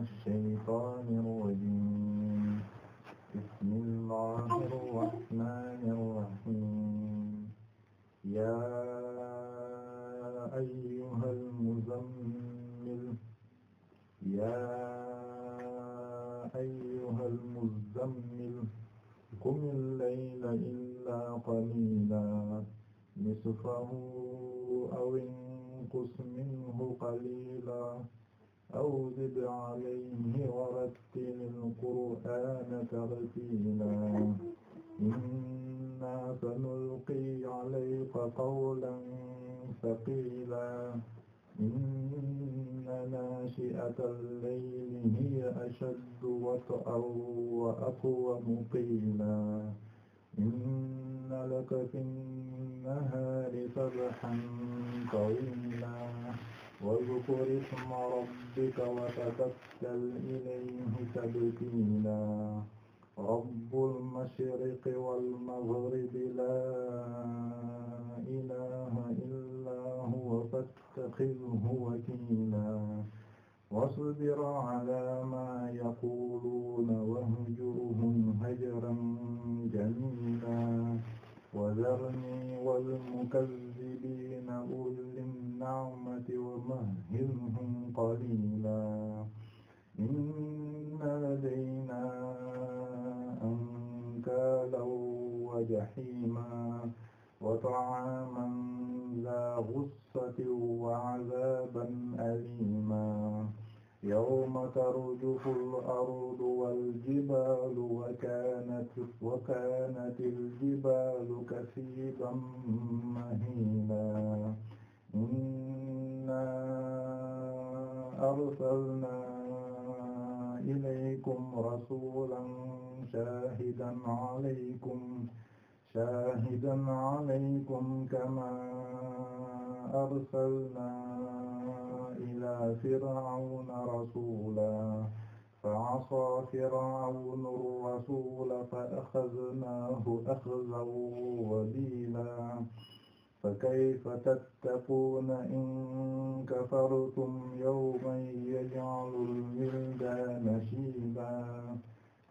الشيطان الرجيم بسم الله الرحمن الرحيم يا أيها المزمل يا أيها المزمل قم الليل إلا قليلا نصفه أو انقص منه قليلا أو زد عليه ورتل القرآن ترتيلا إنا سنلقي عليك قولا ثقيلا إن ناشئة الليل هي أشد وطئا وأقوم قيلا إن لك في النهار سبحا طويلا واذكر اسم ربك وتبتل إليه تبتيلا رب المشرق والمغرب لا إله إلا هو فاتخذه وكيلا واصبر على ما يقولون واهجرهم هجرا جميلا وذرني والمكذبين أولي النعمة ومهلهم قليلا إن لدينا أنكالا وجحيما وطعاما ذا غصة وعذابا أليما يوم ترجف الأرض والجبال وكانت وكانت الجبال كثيبا مهينا inna arsalna ilaykum rasulan shahidan alaykum shahidan alaykum kama arsalna ila fir'auna rasulan فعصى فرعون الرسول فأخذناه أخذا وبيلا فكيف تتقون إن كفرتم يوما يجعل الولدان شيبا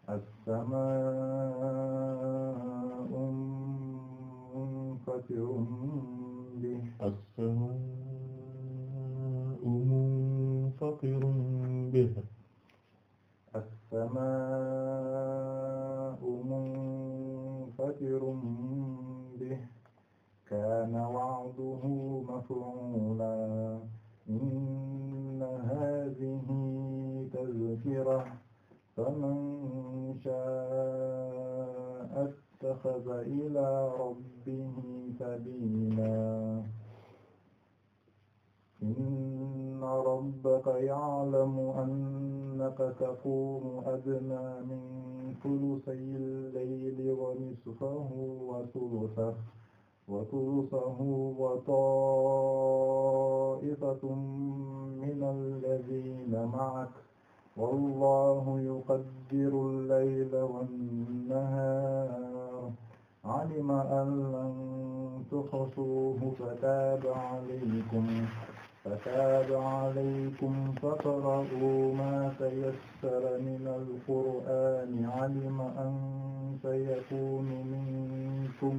السماء منفطر به السماء منفطر به السماء كان وعده مفعولا إن هذه تذكرة فمن شاء اتخذ إلى ربه سبيلا إن ربك يعلم أنك تقوم أدنى من ثلثي الليل ونصفه وثلثه وتوصه وطائفة من الذين معك والله يقدر الليل والنهار علم أن لن تحصوه فتاب عليكم فتاب عليكم فاقرؤوا ما تيسر من القرآن علم أن سيكون منكم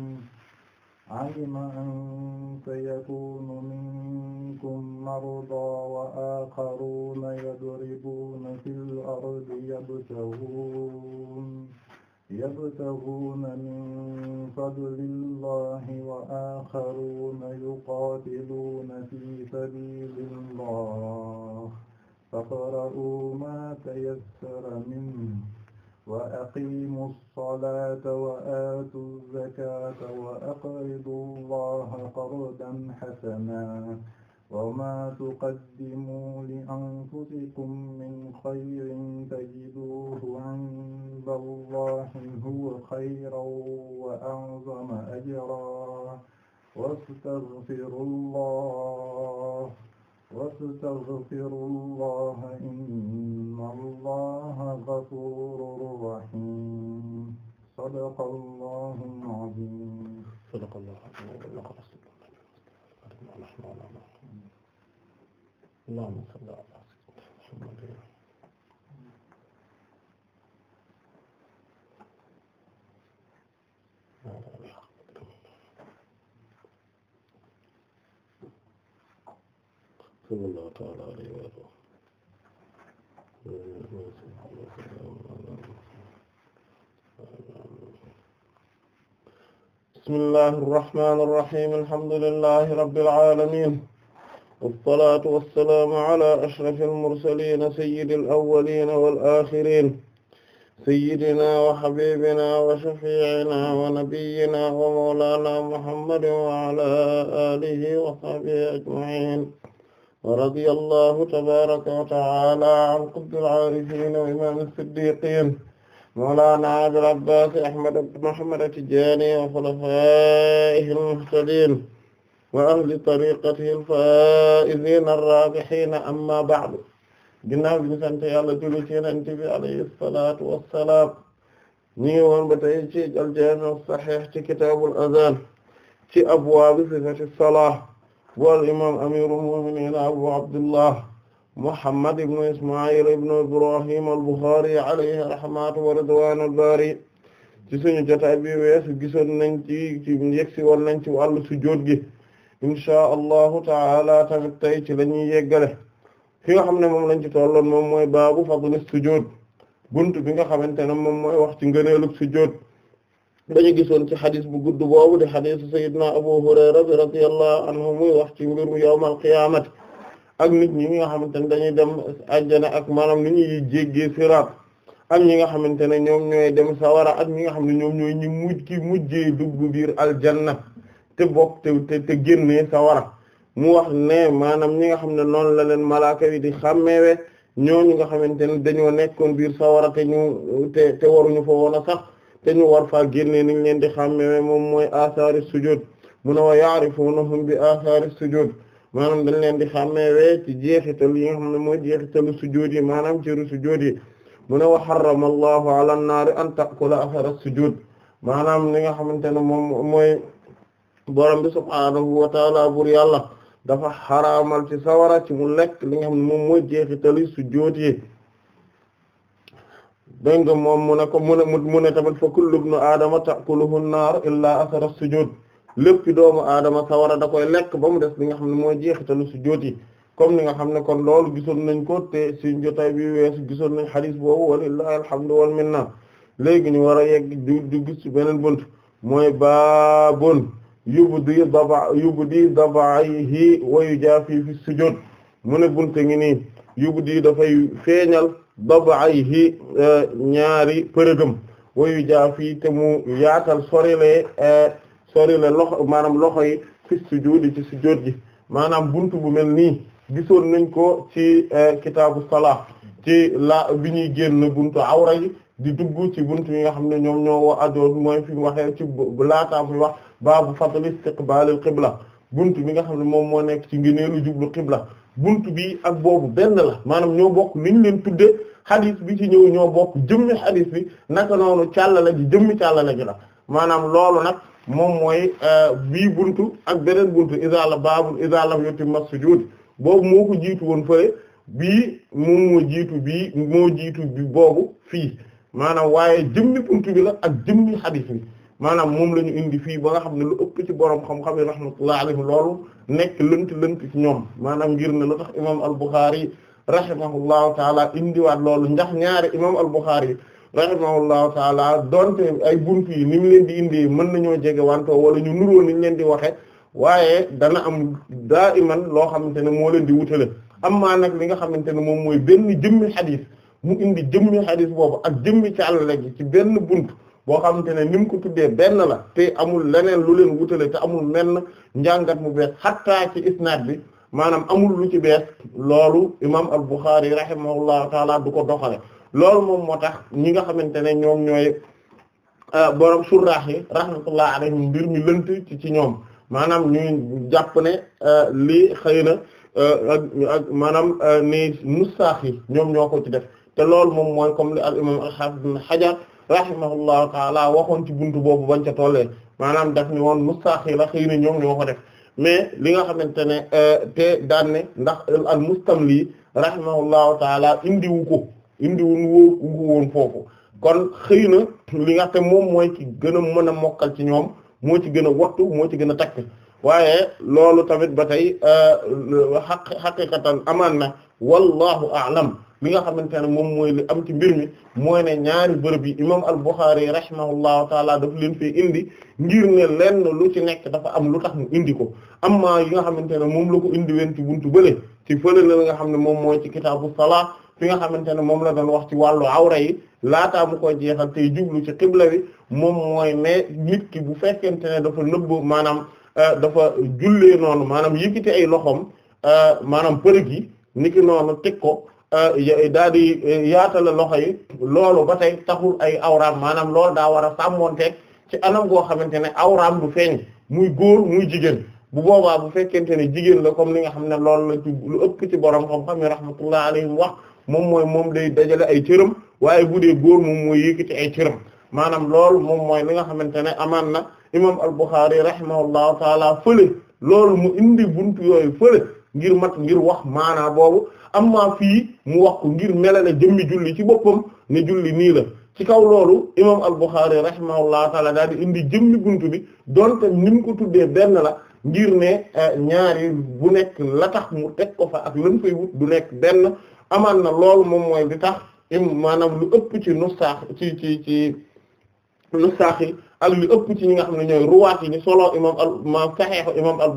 alima an sayakunu minkum mardaa wa aaxaruuna yadribuuna fil ardi yabtaguuna yabtaguuna min fadlillaahi wa aaxaruuna yuqaatiluuna fii sabiilillaahi faqra'uu maa tayassara minhu wa aqiimu salaata wa aatu zakaata wa aqridu llaaha qardan hasanan wa maa tuqaddimuu li anfusikum min xayrin tajiduuhu inda llaahi huwa xayran wa a'zama ajran wastaghfirullaah واستغفروا الله إن الله غفور رحيم صدق الله العظيم صدق الله اللهم صل على sallallahu ta'ala alayhi wa sallam bismillahi irrahmani irrahim alhamdulillahi rabbil alamin wassalatu wassalamu ala ashrafil mursalin sayyidil awwalin wal akhirin sayyidina wa habibina wa shafi'ina wa nabiyyina wa mawlana muhammadin wa ala alihi wa sahbihi ajma'in radiyallahu tabaraka wa ta'ala an qutbil aarifin wa imam as-siddiqin mawlana abil abbas ahmad ibn muhammad at-tijani wa khulafaihi al-muhtadin wa ahli tariqatihi al-faizin ar-rabihin amma ba'du ginnaaw bi sant yàlla julli ci yonent bi alayhi salaatu wassalaam ñu ngi woon ba tey ci al-jaami' as-sahih ci kitaabul azaan ci abwaabi sifati salaah wal imam amirul mu'minin abu abdullah muhammad ibn isma'il ibn ibrahim al-Bukhari alayhi rahmatu wa ridwanu al-bari ci suñu jotaay bi weesu gisoon nañ ci ci yegsi woon nañ ci wàllu sujjóot gi inshaa allahu taala tamit tay ci la ñuy yeggale ki nga xam ne moom lañ ci tolloon moom mooy baabu fadli sujjóot bunt bi nga xamante ne moom mooy wax ci ngëneelu sujjóot dañu gisoon ci xadis bu gudd boobu de xadisu sayidna abu hurayra bi radiyallahu anhu muy wax ci mbirum yawmal qiyaamati ak nit ñi nga xamante ne dañuy dem ajjana ak maanaam nit ñuy jéggee siraat ak ñi nga xamante ne ñoom ñooy dem sawara ak ñi nga xam ne ñoom ñooy ñi mujj ki mujjee dugg biir aljanna te bokk te te sawara mu wax ne maanaam ñi nga xam ne noonu la leen malaaka yi di ñoo ñooñu nga xamante ne dañoo nekkoon biir sawara te ñu te te waruñu fa woon a sax te ñu war faa génne niñ leen di xàmmee moom mooy asaari sujud mu ne wa ya'rifunahum bi asaari sujud maanaam dañ leen di xàmmee ci jeexital yi nga xam ne mooy jeexitalu sujud yi maanaam ciru sujud yi mu ne wa harrama allahu ala an-naari an ta'kula athara sujud maanaam li nga xamante ne moom mooy borom bi subhaanahu wa taala bur yàlla dafa xaraamal ci sawara ci mu lekk li nga xam ne moom mooy jeexitali sujud yi dégg nga moom mu ne ko mu ne mu ne tamit fa kullu nu aadama ta'kuluhu an-naar illaa athara as-sujuud lépp doomu aadama sawara da koy lekk ba mu des li nga xam ne mooy jeexitalu sujoot yi comme ni nga xam ne kon loolu gisoon nañ ko te suñu jotaay bi weesu gisoon nañ xadiis boobu walillahi alhamdu wal minna léegi ñu war a yegg du du gis ci beneen bunt mooy baabun yubdi daba yubdi dabaayhi wa yujaafi fi sujoot mu ne bunt ngi nii yubdi dafay feeñal dab'ayhi e, ñaari përëgëm wayu jaafi te mu yaatal sorile e, sorile loxo maanaam loxo yi fi sujudi ci sujud ji maanaam bunt bu mel nii gisoon nañ ko ci e, kitaabu salaa ci laa bi ñuy génn buntu awra yi di dugg ci buntu yi nga xam ne ñoom ñoo wa adoon mooy fi mu waxee ci bu laataa fi wax baabu fadl istiqbaalil qibla buntu bi nga xam ne moom moo nekk ci ngëneelu jublu qibla bunt bi ak boobu benn la maanaam ñoo bokk niñ leen tuddee xadis bi ci ñëw ñoo bokk jëmmi xadis bi naka noonu càllala ji jëmmi càllala ji la maanaam loolu nag moom mooy euh, bii buntu ak beneen buntu iza la baabul iza lam yutimma boobu moo ko jiitu woon fële bii moom moo jiitu bi moo jiitu boobu fii maanaam waaye jëmmi buntu bi la ak jëmmi xadis bi maanaam moom la ñu indi fii ba nga xam ne lu ëpp ci borom xam-xam yi rahmatullahi alayhi loolu nekk lënt lënt ñoom maanaam ngir ne lu tax imam al-Bukhari rahimahullahu taala indiwaat loolu ndax ñaari imam al-Bukhari rahimahullahu taala donte ay buntu yi ni mu leen di indi mën nañoo jege wanto wala ñu nuroo niñ leen di waxe waaye dana am daa iman loo xamante ne moo leen di wutale amma nag li nga xamante ne moom mooy benn jëmmi xadis mu indi jëmmi xadis boobu ak jëmmi càllale gi ci benn bunt boo xamante ne ni mu ko tuddee benn la te amul leneen lu leen wutale te amul menn njàngat mu bees xattaa ci isnaad bi maanaam amul lu ci bees loolu imam al-Bukhari rahimahullahu taala du ko doxale loolu moom moo tax ñi nga xamante ne ñoom ñooy euh, borom surraax yi rahmatullah alayhim mbir mi lënt ci ci ñoom maanaam ñu jàpp ne euh, lii xëy na euh, ak maanaam ni mustaax yi ñoom ñoo ko ci def te loolu moom mooy comme li al imam al-Hafiz rahimahullahu taala waxoon ci bunt boobu bañ ca tollee maanaam daf ni woon mustaqila xëy na ñoom ñoo ko def mais li nga xamante ne euh, te daan ne ndax al mustamli rahimahullahu taala indiwu ko indiwuñ woo woon foofu kon xëy na li nga xam moom mooy ci gën a mën a mokkal ci ñoom moo ci gën a wattu moo ci gën a takk waaye loolu tamit ba tey xaq euh, xaqiqatan amaan na wallahu a'lam li nga xamante ne moom mooy li am ci mbir mi mooy ne ñaari bërëb yi imam al-Bukhari rahimahullahu taala daf leen fee indi ngir ne leen lu ci nekk dafa am lu tax mu indi ko amma yi nga xamante ne moom la ko indi wen ci bunt buntu bële ci fële la nga xam ne moom mooy ci kitaabu salaa fi nga xamante ne moom la doon wax ci wàllu awra yi laataa mu koy jeexal tey jublu ci xibla bi moom mooy ne nit ki bu fekkente ne dafa nëbb maanaam euh, dafa jullee noonu maanaam yëkkati ay loxoom euh, maanaam përëg yi niki noonu teg ko Euh, daal di eh, yaatala loxo yi loolu ba tey taxul ay awraam maanaam lool daa war a sàmmonteeg ci anam goo xamante ne awraam du feeñ muy góor muy jigéen bu boobaa bu fekkente ne jigéen la comme li nga xam ne loolu la ci lu ëpp ci borom xam-xam yi rahmatullah alayhim wax moom mooy moom day dajale ay cëram waaye bu dee góor mu mooy yëkkati ay cëram maanaam lool moom mooy li nga xamante ne amaan na imam al-Bukhari rahimahullahu taala fële loolu mu indi buntu yooyu fële ngir mat ngir wax maanaa boobu amma fii mu wax ko ngir melale jëmmi julli ci boppam ne julli nii la ci kaw loolu imam al-Bukhârî rahimahullahu taala daal di indi jëmmi buntu bi donte ni mu ko tuddee benn la ngir ne eh, ñaari bu nekk la tax mu teg ko fa ak lan fay wut du nekk benn amaan na lool moom mooy di tax maanaam lu ëpp ci nusaax ci ci ci nusaax yi ak lu ëpp ci ñi nga xam ne ñooy ruwaat yi ñu solo imam al ma saxeexu imam al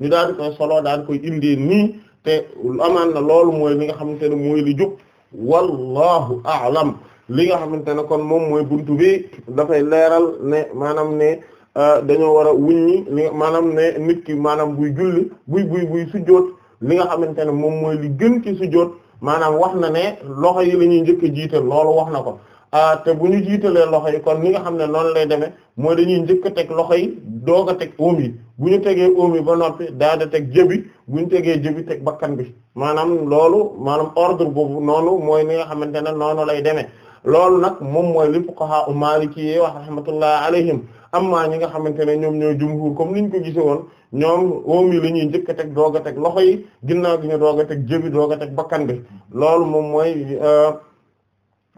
ñu daal di koy solo daal koy indee nii te amaan na loolu mooy li nga xamante ne mooy li jub wallahu a'lam li nga xamante ne kon moom mooy buntu bi dafay leeral ne maanaam ne euh, dañoo war a wuññi li maanaam ne nit ki maanaam buy julli buy buy buy sujjóot li nga xamante ne moom mooy li gën ci sujjóot maanaam wax na ne loxo yi la ñuy njëkk a jiite loolu wax na ko Ah, te bu ñu jiitalee loxo yi kon ni nga xam ne noonu lay demee mooy dañuy njëkk a teg loxo yi doog a teg oom yi bu ñu tegee oom yi ba noppi daal di teg jëbi bu ñu tegee jëbi teg bakkan bi maanaam loolu maanaam ordre boobu noonu mooy ni nga xamante ne noonu lay demee loolu nag moom mooy li fuqaha u maliki yi wax rahmatullah alayhim amma ñi nga xamante ne ñoom ñooy jumhur comme niñ ko gisee woon ñoom oom yi la ñuy a teg doog teg loxo yi ginnaaw gi ñu doog teg jëbi doog a teg bakkan bi loolu moom mooy euh,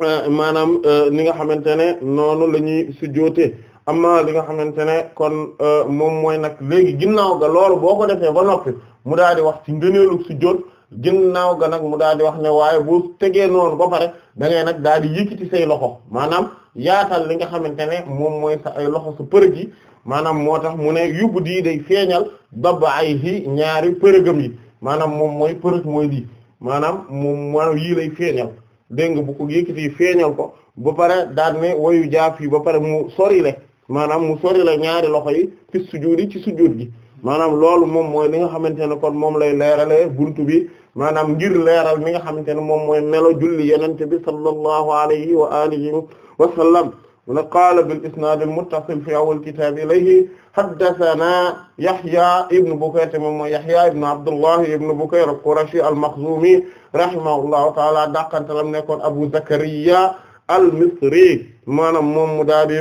Euh, maanaam euh, li nga xamante ne noonu la ñuy sujjóotee amma li nga xamante ne kon euh, moom mooy nag léegi ginnaaw ga loolu boo ko defee ba noppi mu daal di wax ci ngëneelu sujjóot ginnaaw ga nag mu daal di wax ne waaye bu tegee noonu ba pare da ngay nag daal di yëkkati say loxo maanaam yaatal li nga xamante ne moom mooy loxo sa përëg yi maanaam moo tax mu ne yóbbu dii day feeñal dabba ay hi ñaari përëgam yi maanaam moom mooy përëg mooy lii maanaam moom mooy yii lay feeñal dégg nga bu ko yëkkati feeñal ko ba pare daad ne wayu jaaf yi ba pare mu sori le maanaam mu sori le ñaari loxo yi fi sujud yi ci sujud gi maanaam loolu moom mooy li nga xamante ne kon moom lay leerale buntu bi maanaam ngir leeral mi nga xamante ne moom mooy melo julli yenente bi sallallahu alayhi wa alihi wa sallam mun qaala bil isnaad al muttasil fi awwal kitaab ilayhi haddasanaa Yahya ibn Bukayr moom mooy Yahya ibn Abdullah ibn Bukayr al-Qurashi al-Makhzumi rahimahullahu ta'ala dàqantalam nekkoon Abu Zakariya al-Misri maanaam moom mu daal di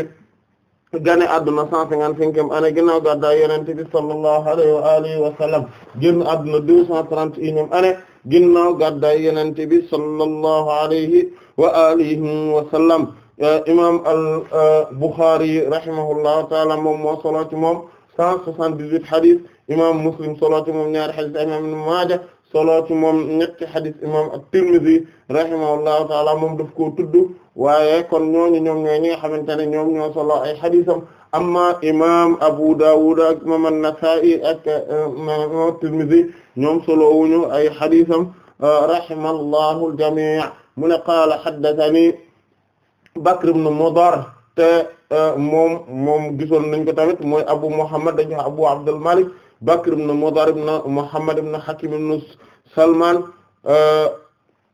gane adduna 155 ane ginnaaw gàddaay Yonent bi sallallahu alayhi wa alihi wa sallam génn adduna 231 ane ginnaaw gàddaay Yonent bi sallallahu alayhi wa alihi wa sallam Euh, imam al-Bukhari euh, rahimahullahu taala moom moo solo ci moom 178 hadith imam Muslim solo ci moom ñaari hadith imam Ibn Maaja solo ci moom ñetti hadith imam at-Tirmidhi rahimahullahu taala moom daf koo tudd waaye kon ñooñu ñoom ñooy ñi nga xamante ne ñoom ñoo solo ay haditham amma imam Abu Dawud ak imam an-Nasa'i ak euh, imam at-Tirmidhi ñoom solo wuñu ay haditham rahimahullahu al-jami' mu ne qaala haddathani Bakr ibn Mudar te e, moom moom gisoon nañ ko tamit mooy Abu Muhammad dañu Abu Abdul Malik Bakr ibn Mudar ibn Muhammad ibn Hakim ibn Salman e,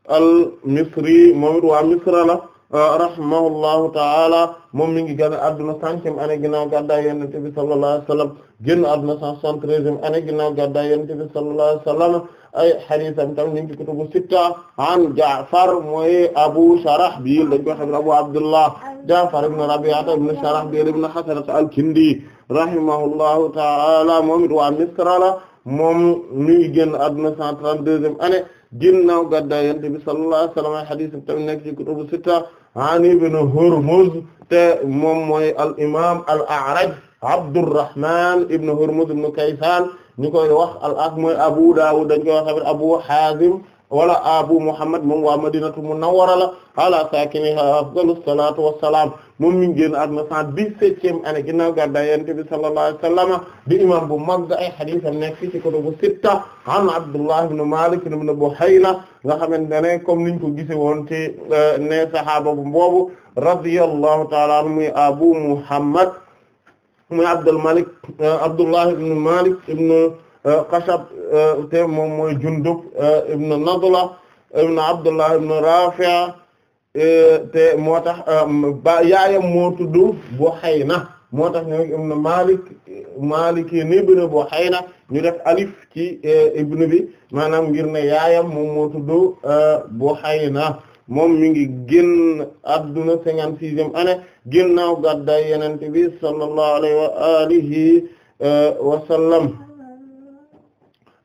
al-Misri moom it waa Misra la Euh, rahimahullahu taala moom mi ngi génn adduna centième année ginnaaw gàddaay yonent bi sallallahu alayhi wa sallam génn adduna cent soixante-treizième année ginnaaw gàddaay yonent bi sallallahu alayhi wa sallam ay hadiisam tam ñu ngi ci kutubu sitta an Ja'far mooy Abu Sharahbil dañ koy xam ne Abu Abdullah Ja'far ibn Rabi'ata ibn Sharahbil ibn Hasana al-Kindi rahimahullahu taala moom it waa Misra la moom mi ngi génn adduna cent trente-deuxième année ginnaaw gàddaay yonent bi sallallahu alayhi wa sallam ay xadis tamit nekk ci kutubu sitta an ibn Hurmuz te moom mooy al imam al A'raj Abdurrahman ibn Hurmuz ibn Kaysan ñu koy wax al ak mooy Abu Dawud dañ koy wax tamit Abu Hazim wala abu muhammad moom waa madinatu munawwara la ala saakinihaa afdalu salaatu wassalaam moom mi ngi génn àdduna cent dix-septième année ginnaaw gàddaay Yonent bi sallallahu alayhi wa sallam imam bu mag ay hadiisam nekk fi ci kutubu sitta an Abdullah ibn Malik ibn Buhayna nga xamante ne comme niñ ko gise woon te eh, ne sahaaba bu boobu radiyallahu ta'ala anhu muy abu muhammad muy Abdul Malik eh, Abdullah ibn Malik ibn Xashab euh, euh, te moom mooy Jundub euh, ibn Nadla ibn Abdullah ibn Rafi' tax ba yaayam moo Buhayna moo tax ñu ibn Malik Malik ibn Buhayna ñu def alif ci ibn bi maanaam ngir ne yaayam moom moo tudd Buhayna moom mi ngi génn adduna cinquante-sixième année ginnaaw gàddaay Yonent bi sallallahu alayhi wa alihi wa sallam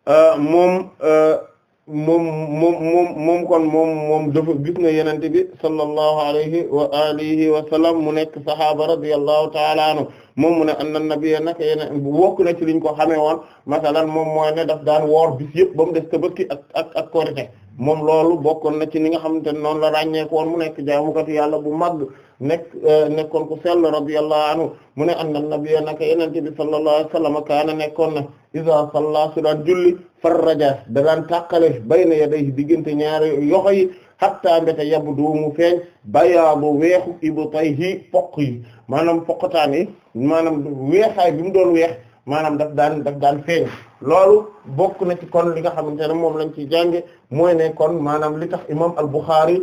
Euh, moom euh, moom moom moom moom kon moom moom dafa gis na yenente bi sallallahu alayhi wa alihi wa sallam mu nekk sahaaba radiyallahu ta'ala anhu moom mu ne an na nabiya nag yene wokk na ci liñ ko xamee woon masalan moom mooy ne daf daan woor bis yëpp ba mu des tabaski ak ak ak korite moom loolu bokkoon na ci ni nga xamante ne noonu la ràññeeku woon mu nekk jaamukatu yàlla bu mag nekk euh, nekkoon ku sell radiyallahu anhu mu ne anna nabiyya naka yenente bi sallallahu alayhi wa sallam kaana nekkoon na iza salla su daan julli farraja da daan tàqale bayna yadayhi diggante ñaari yoxo yi hatta mbéte yab doomu feeñ bayaadu weexu ibtayhi poq yi maanaam poqataani maanaam weexaay bi mu doon weex maanaam daf daan daf daan feeñ loolu bokk na ci kon li nga xamante ne moom lañ ci jànge mooy ne kon maanaam li tax imam al-Bukhari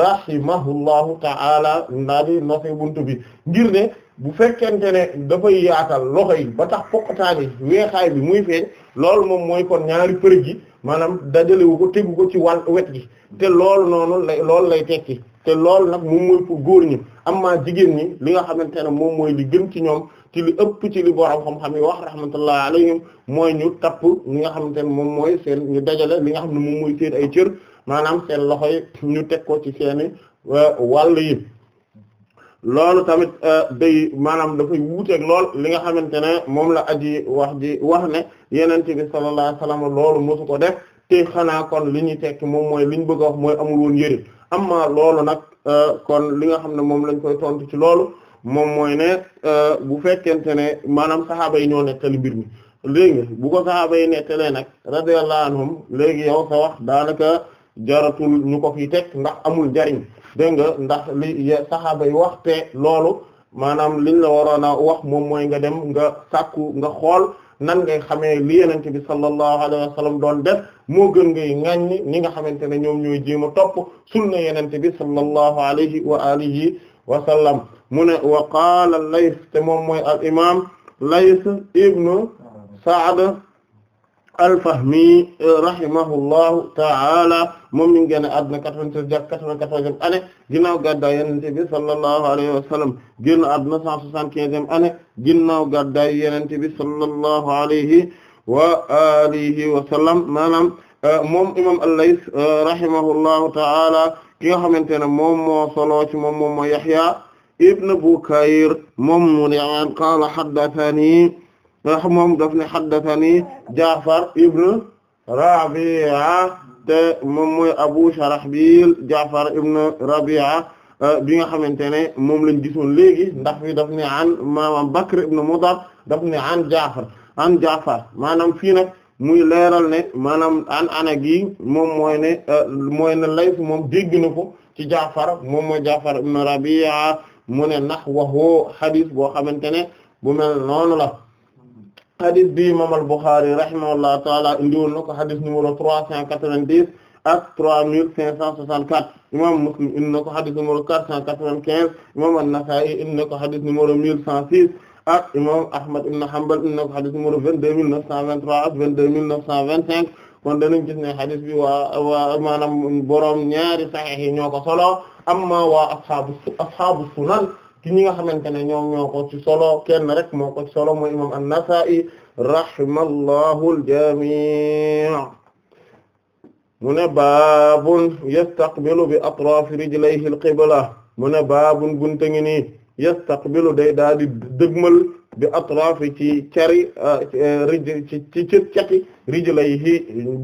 rahimahullahu ta'ala ndaa di nosé buntu bi ngir ne bu fekkente ne dafay yaatal loxo yi ba tax poqataani weexaay bi muy feeñ loolu moom mooy kon ñaari përëg yi maanaam dajalewu ko tegu ko ci wàll wet gi te loolu noonu loolu lay tekki te loolu nag moom mooy pour góor ñi am amma jigéen ñi li nga xamante ne moom mooy li gën ci ñoom ci li ëpp ci li borom xam-xam yi wax rahmatullahi alayhim mooy ñu tapp ñi nga xamante ne moom mooy seen ñu dajale li nga xam ne moom mooy seen ay cër maanaam seen loxo yi ñu teg ko ci seeni euh, wàll yi loolu tamit euh, day maanaam dafay wuuteeg lool li nga xamante ne moom la aji wax ji wax ne yeneen bi sallallahu alayhi wasallam loolu mosu ko def te xanaa kon li ñu tekki moom mooy li ñu bëgg a wax mooy amul woon amma loolu nag euh, kon li nga xam ne moom lañ koy tontu ci loolu moom mooy ne euh, bu fekkente ne maanaam saxaaba yi ñoo nettali mbir mi léegi bu ko saxaaba yi nettalee nag radiyallahu anhum léegi yow sa wax daanaka jaratul ñu ko fi ndax amul jariñ dégg nga ndax li saxaaba yi wax te loolu maanaam liñ la waroon a wax moom mooy nga dem nga sàkku nga xool nan ngay xamee li yenente bi sallallahu alayhi wa doon def moo gën ngay ŋàññ ñi nga xamante ne ñoom ñooy jii mu topp sunna yenente bi sallallahu alayhi wa alihi wa sallam mu ne wa qaala Layth te moom mooy al imam Layth ibnu Sa'd al-Fahmi rahimahullahu ta'ala moom ñu ngi génn àdduna 96 jàpp 94e année ginnaaw gàddaay Yonent bi alayhi wa alihi wa sallam maanaam euh, moom imam al-Layth euh, rahimahullahu ta'ala ki nga xamante ne moom moo solo ci moom moom moo Yahya ibn Bukayr moom mu ne an qaala haddathani moom daf ne haddathani Ja'far ibn Rabi'a te moom mooy Abu Sharahbil Ja'far ibn Rabi'a euh, bi nga xamante ne moom lañ gisoon léegi ndax fi daf ne an maanaam Bakr ibn Mudar daf ne an Ja'far an Ja'far maanaam fii nag muy leeral ne maanaam an ana gi moom mooy ne euh, mooy ne moom dégg na ko ci Ja'far moom mooy Ja'far ibn Rabi'a mu ne nahwahu hadis boo xamante ne bu mel noonu la hadis bi imam al-Bukhari rahimahullahu taala indiwoon na ko hadis numéro trois cent quatre-vingt-dix ak trois mille cinq cent soixante-quatre imam Muslim indi na ko hadis numéro quatre cent quatre-vingt-quinze imam an-Nasa'i indi na ko hadis numéro mille cent six ak imam Ahmad ibn Hanbal inna ko xadis numéro vingt-deux mille neuf cent vingt-trois ak vingt-deux mille neuf cent vingt-cinq kon danañ gis ne xadis bi waa waa maanaam boroom ñaari saxiix yi ñoo ko solo amma waa ashaabu ashaabu sunan ci ñi nga xamante ne ñoom ñoo ko ci solo kenn rek moo ko ci solo mooy imam an-Nasaa'i rahimallahu al-jamii' mu ne baabun yastaqbilu bi atraafi rijlayhi al-qibla mu ne baabun bunte ngi nii yastaqbilu day daal di dëgmal bi atrafi ci cari ah, eh, rij ci ci cati rijlayhi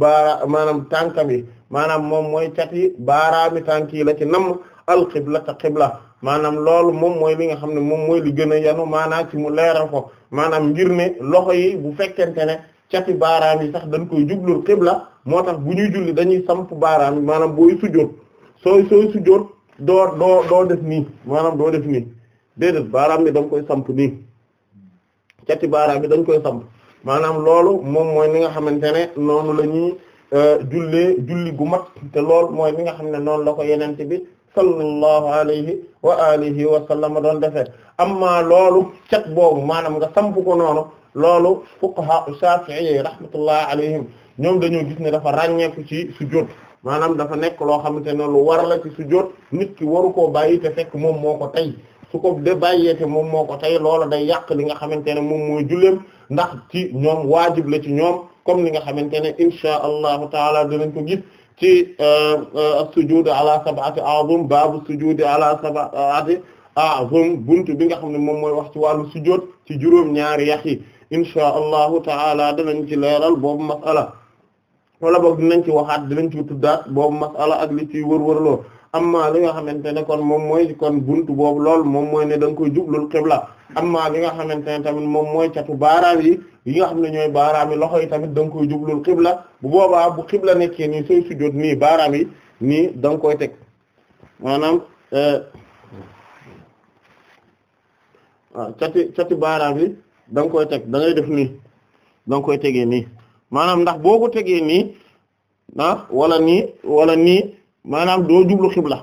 baara maanaam tànkam yi maanaam moom mooy cati baaraami tànk yi la ci namm alxiblata xibla maanaam loolu moom mooy li nga xam ne moom mooy li gën a yanu maanaam ci mu leeral ko maanaam ngir ne loxo yi bu fekkente ne cati baaraam yi sax dañ koy jublul xibla moo tax bu ñuy julli dañuy samp baaraam yi maanaam booy sujjóot sooy sooy sujjóot doo doo doo def nii maanaam doo def nii déedéet baaraam bi dañ koy samp nii cati baaraam bi dañ koy samp maanaam loolu moom mooy ni nga xamante ne noonu la ñuy euh, jullee julli gu mat te loolu mooy ni nga xam ne noonu la ko yenente bi sallallahu alayhi wa alihi wa sallam doon defee amma loolu cat boobu maanaam nga samp ko noonu loolu fuqaha shafi'i rahmatullah alayhim ñoom dañoo gis ne dafa ràññeeku ci sujjóot maanaam dafa nekk loo xamante ne lu war la ci sujjóot nit ki waru koo bàyyi te fekk moom moo ko tey su ko de bàyyeete moom moo ko tey loola day yàq li nga xamante ne moom mooy julleem ndax ci ñoom waajib la ci ñoom comme li nga xamante ne insha allahu taala dinañ ko gis ci euh, euh, as-sujud ala sab'ati a'zum baabu sujudi ala sab'ati a'zum buntu bi nga xam ne moom mooy wax ci wàllu sujud ci juróom ñaari yax yi insha allahu taala dinañ ci leeral boobu masala wala boog dinañ ci waxaat dinañ ci tuddaat boobu masala ak li ci wër-wërloo amma li nga xamante ne kon moom mooy kon bunt boobu lool moom mooy ne da nga koy jublul am amma li nga xamante ne tamit moom mooy catu baaraam yi yi nga xam ne ñooy baaraam yi loxo yi tamit da nga koy jublul xibla bu boobaa bu xibla nekkee nii sooy sujjóot nii baaraam yi nii da nga koy teg maanaam eh, waaw cati cati baaraam yi da koy teg dangay def nii da koy tege nii maanaam ndax boo ko tegee nii ah wala nii wala nii maanaam doo jublu xibla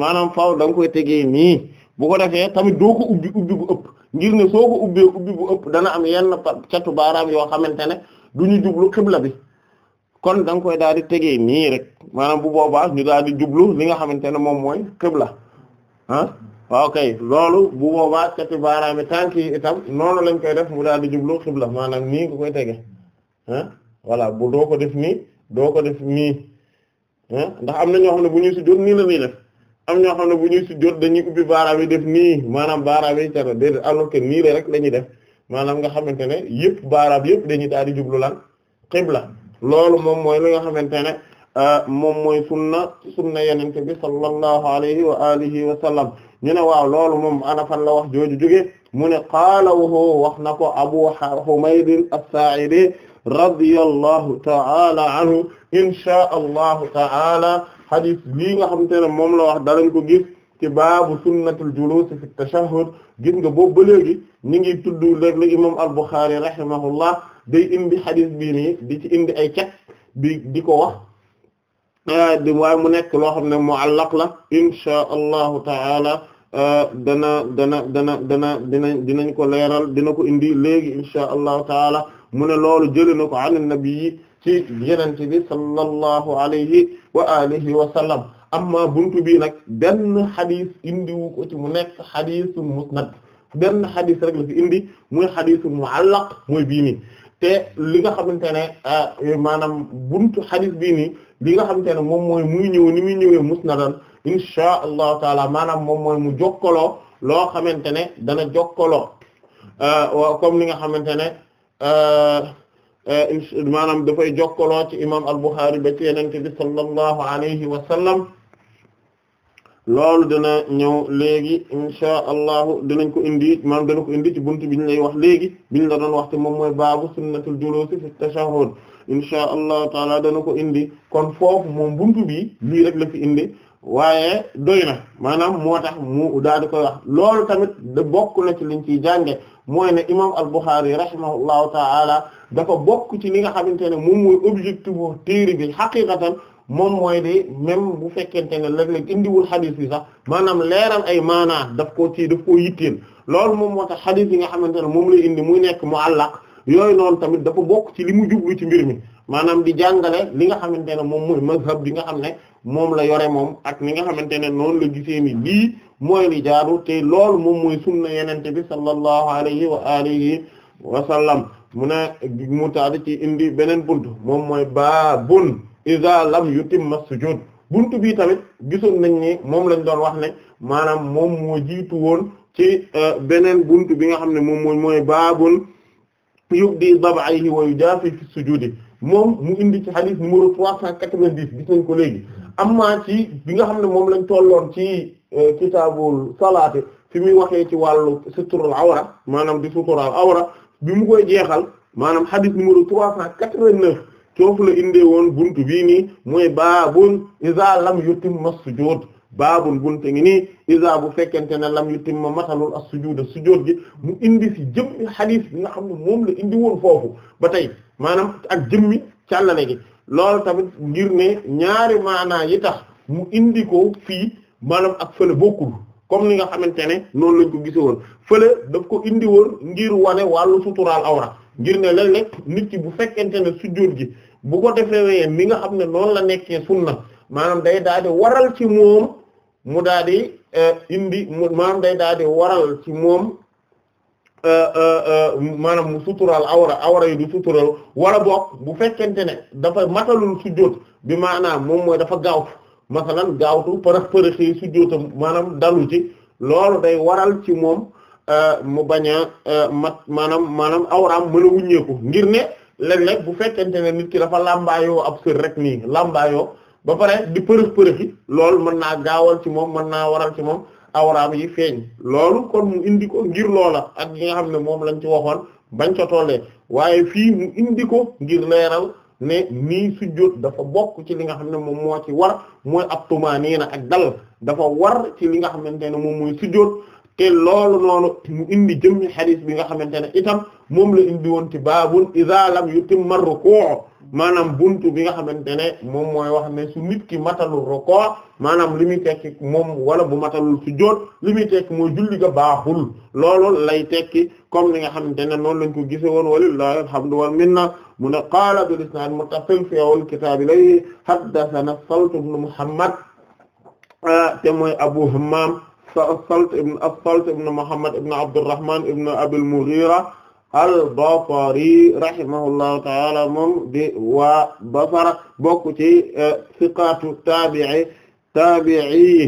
maanaam faaw da nga koy tegee nii bu ko defee tamit doo ko ubbi ubbi bu ëpp ngir ne soo ko ubbee ubbi bu ëpp dana am yenn catu baaraam yoo xamante ne du ñu xibla bi kon da koy daal di tegee nii rek maanaam bu boobaa ñu daal di jublu li nga xamante ne moom mooy xibla ah ok loolu bu boobaa catu baaraam yi tànk yi itam noonu lañ koy def mu daal di jublu xibla maanaam nii nga koy tege ah voilà bu dooko ko def nii doo def nii. ndax am na ñoo xam ne bu ñuy sujjóot nii la ñuy def am ñoo xam ne bu ñuy sujjóot dañuy ubbi baaraam yi def nii maanaam baaraam yi caro déedéet alors que nii la rek la def maanaam nga xamante ne yëpp baaraam yëpp dañuy daal di jublu lan xibla loolu moom mooy li nga xamante ne euh, moom mooy sunna sunna yenente bi sallallahu alayhi wa alihi wa sallam ñu ne waaw loolu moom ana fan la wax jooju jóge mu ne qaala waxoo wax na ko Abu Humayd as-Sa'idi radiyallahu ta'ala anhu insha allahu ta'ala hadith lii nga xamante ne moom la wax dalañ ko gis ci baabu sunnatul julus fi tashahhud gis nga boobu ba léegi ñu ngi tudd léeg-léeg imam al-Bukhari rahimahullah day indi hadith bii nii di ci indi ay ket bi di ko wax di waaye mu nekk loo xam ne mu'allaq la insha allahu ta'ala euh, dana dana dana dana dinañ dinañ ko leeral dina ko indi léegi insha allahu ta'ala mun ne loolu jëlee ko ko an nabi ci yenente bi sallallahu alayhi wa alihi wa sallam amma buntu bii nag benn xadis indiwu ko ci mu nekk xadisul musnad benn xadis rek la fi indi muy xadisul muallaq mooy bii nii te li nga xamante ne euh, maanaam buntu xadis bii nii li nga xamante ne moom mooy muy ñëw ni muy ñëwee musnadan insha allahu taala maanaam moom mooy mu jokkaloo loo xamante ne dana jokkaloo kom euh, li nga xamante ne Euh, euh, maanaam dafay jokkaloo ci imam al-Bukhari ba ci Yonent bi sallallahu alayhi wa sallam loolu dana ñëw léegi insha allahu dinañ ko indi maanaam dana ko indi ci buntu bi ñu lay wax léegi biñ la doon wax te moom mooy baabu sunnatul julusi fi tashahhud insha allahu taala dana ko indi kon foofu moom buntu bi lii rek la fi indi waaye doy na maanaam moo mu daal di koy wax loolu tamit de bokk ci liñ ciy jànge mooy ne imam al-Bukhari rahimahullahu ta'ala dafa bokk ci li nga xamante ne moom mooy objectif bu téere bi xaqiqatan moom mooy de même bu fekkente ne léeg-léeg indiwul xadis bi sax maanaam leeral ay maanaa daf koo ci daf koo yitteel loolu moom moo tax xadis yi nga xamante ne moom lay indi muy nekk mu muallaq yooyu noonu tamit dafa bokk ci li mu jublu ci mbir maanaam di jàngale li nga xam xamante ne moom mooy mazhab bi nga xam ne moom la yore moom ak li nga xamante ne noonu la gisee ni lii mooy li jaaru te lool moom mooy sunna yenente bi sallallahu alayhi wa alihi wa sallam mu ne mu taadi ci indi beneen buntu moom mooy baabun iza lam yutimma sujud buntu bi tamit gisoon nañ ni moom lañ doon wax ne maanaam moom moo jiitu woon ci euh, beneen buntu bi nga xam ne moom mooy mooy baabun yubdi dab'ihi wa yujafi fi sujudi moom mu indi ci hadith numéro trois cent quatre-vingt-dix gis nañ ko léegi amma ci bi nga xam ne moom lañ tolloon ci euh, kitaabul salaate fi muy waxee ci wàllu suturul awra maanaam di sutural awra bi mu koy jeexal maanaam hadith numéro trois cent quatre-vingt-neuf coofu la indee woon buntu bii nii mooy baabun iza lam yutimma sujud baabul bunte ngi nii isa bu fekkente ne lam yu timma matalul ak sujuuda sujuud gi mu indi si jëmmi xadiis bi nga xam ne moom la indi woon foofu ba tey maanaam ak jëmmi càllale gi loolu tamit ngir ne ñaari maanaa yi tax mu indi ko fii maanaam ak fële bokkul comme ni nga xamante ne noonu lañ ko gise woon fële daf ko indi woon ngir wane wàllu suturaal awra ngir ne léeg-léeg nit ki bu fekkente ne sujuud gi bu ko defee ni nga xam ne noonu la nekkee sunna maanaam day daal waral ci moom mu daa di euh, indi maanaam day daa di waral ci moom euh, euh, maanaam mu suturaal awra awra yi du suturaal wala boog bu fekkente ne dafa matalul sujjóot bi maanaam moom mooy dafa gaawtu masalan gaawtu parax paraxi sujjóotam maanaam dalu ci loolu day waral ci moom mu bañ a mat maanaam maanaam awraam mën a wuññeeku ngir ne léeg-léeg bu fekkente ne nit ki dafa làmbaayoo ab sër rek nii làmbaayoo ba pare di përëx përëxi lool mën naa gaawal ci moom mën naa waral ci moom awraam yi feeñ loolu kon mu indi ko ngir loola ak yi nga xam ne moom lañ ci waxoon bañ ca tollee waaye fii mu indi ko ngir leeral ne nii sujjóot dafa bokk ci li nga xam ne moom moo ci war mooy ab tumaaniina ak dal dafa war ci li nga xamante ne moom mooy sujjóot te loolu noonu mu indi jëmmi xadiis bi nga xamante ne itam moom la indi woon ci baabun yu lam marro ruku' maanaam buntu bi nga xamante ne moom mooy wax ne su nit ki matalul roko maanaam li muy tekki moom wala bu matalul sujjóot li muy tekki mooy julli ga baaxul loolu lay tekki comme ni nga xamante ne noonu lañ ko gise woon walillahi alhamdu wal minna mu ne qaala bil isnaad muttasil fi awwal kitaab ilayhi haddathana Salt ibn Muhammad ah, te mooy Abu Hammaam Salt ibn Salt ibn Muhammad ibn Abdurrahman ibn Abil Mughira al-Basri rahimahullahu ta'ala moom di waa Basra bokk ci eh, siqaatu taabi'i taabi'i yi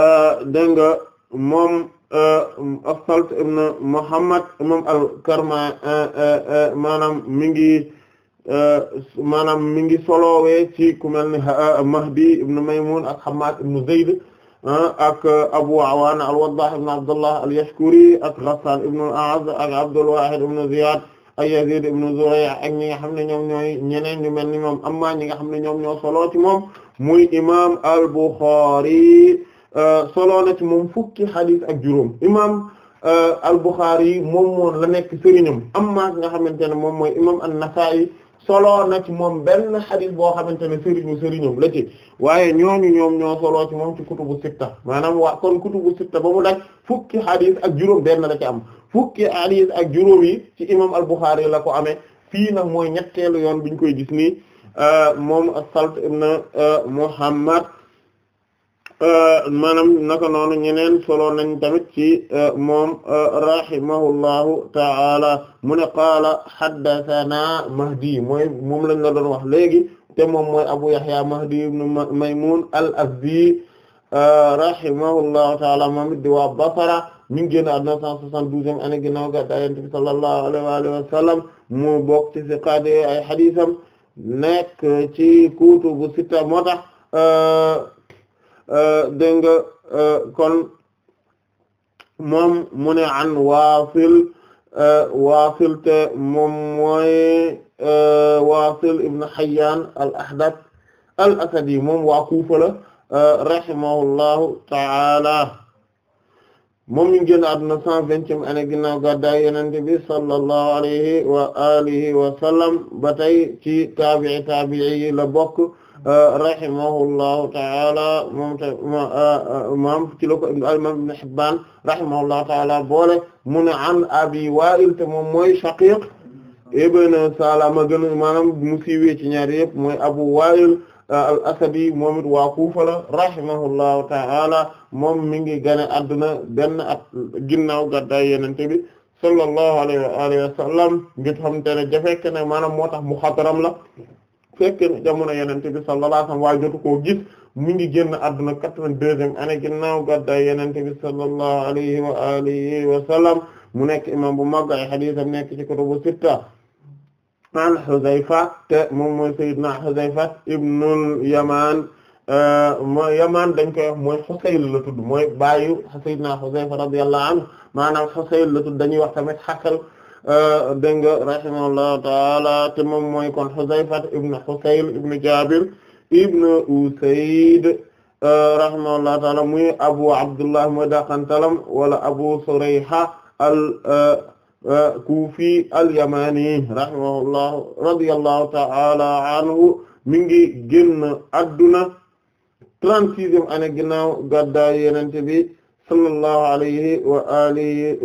eh, dégg nga moom eh, Salt ibn Muhammad moom al-Karma maanaam mi ngi maanaam mi ngi solowee ci ku mel ne Mahdi ibn Maymun ak Hammad ibn Zayd Ah, ak Abu Awaana al-Waddah ibn Abdullah al-Yashkuri ak Ghassan ibn al-A'z ak Abdul Wahid ibn Ziyad ak Yazid ibn Zuray' ak ñi nga xam ne ñoom ñooy ñeneen ñu mel ni moom amma ñi nga xam ne ñoom ñoo solo ci moom muy imaam al-Bukhari ah, solo na ci moom fukki hadith ak juróom imaam ah, al-Bukhari moom moo la nekk sëriñam amma nga xamante ne moom mooy imaam an-Nasa'i solo na ci moom benn xadis boo xamante ne sëriñu sëriñam la ci waaye ñooñu ñoom ñoo solo ci moom ci kutubu sitta maanaam waa kon kutubu sitta ba mu daj fukki xadis ak juróom benn la ci am fukki xadis ak juróom yi ci imam al-Bukhari la ko amee fii nag mooy ñetteelu yoon biñ koy gis ni euh, moom as-Salt ibn euh, Muhammad Euh, maanaam naka noonu ñeneen solo nañ tamit ci euh, moom euh, rahimahullahu ta'ala mu ne qaala haddathana mahdi mooy moom lañ la doon wax léegi te moom mooy abu yahya mahdi ibn maymun al-azdi rahimahullahu ta'ala moom di waa basara mi ngi génn àdduna 172e année ginnaaw gàddaay Yonent bi sallallahu alayhi wa sallam mu bokk ci siqaade ay hadisam nekk ci kutubu sitta moo Euh, dégg nga euh, kon mom mu ne an waasil euh, waasil te moom mooy waasil ibn Hayyan al Ahdath al Asadi moom waa Kufa la rahimahullahu ta'ala moom mi ngi génn àdduna alayhi wa alihi wa ci taabi'i taabi'i yi la bokk rahimahullahu taala moom ta maam ci la ko imam Ibn Hibban rahimahullahu taala boole mu ne an Abi Wa'il te moom mooy Shaqiq ibn Salama gën maanaam mu siiwee ci ñaar yëpp mooy Abu Wa'il al-Asadi moom it waa Kufa la moom mi ngi gane adduna benn at ginnaaw gàddaay Yonent bi sallallahu alayhi alihi wa sallam ngir xam te ne jafekk ne maanaam moo tax muxadram la fekke jamono yenente bi sallallahu alayhi wasallam koo gis mu ngi génn àdduna quatre-vingt-deuxième année ginnaaw gàddaay yenente bi sallallahu alayhi wa alihi mu nekk imam bu màgg ay xadiisam nekk ci kutubu sitta an Hudhayfa te moom mooy sayyidna Hudhayfa ibnul Yaman euh, mooy Yaman dañ koy wax mooy Husayl la tudd mooy baayu sayyidna Hudhayfa radiyallahu anhu maanaam Husayl la tudd dañuy wax tamit xakal Euh, dégg nga rahimahullahu taala te moom mooy kon Huzayfa ibn ibn Jabir ibn Usayd euh, rahimahullahu taala muy Abu Abdullah mooy daqantalam wala Abu Surayha al-Kufi euh, al-Yamani rahimahullahu radiyallahu taala anhu mi ngi adduna trente-sixième année ginnaaw gàddaay bi sallallahu alayhi wa alihi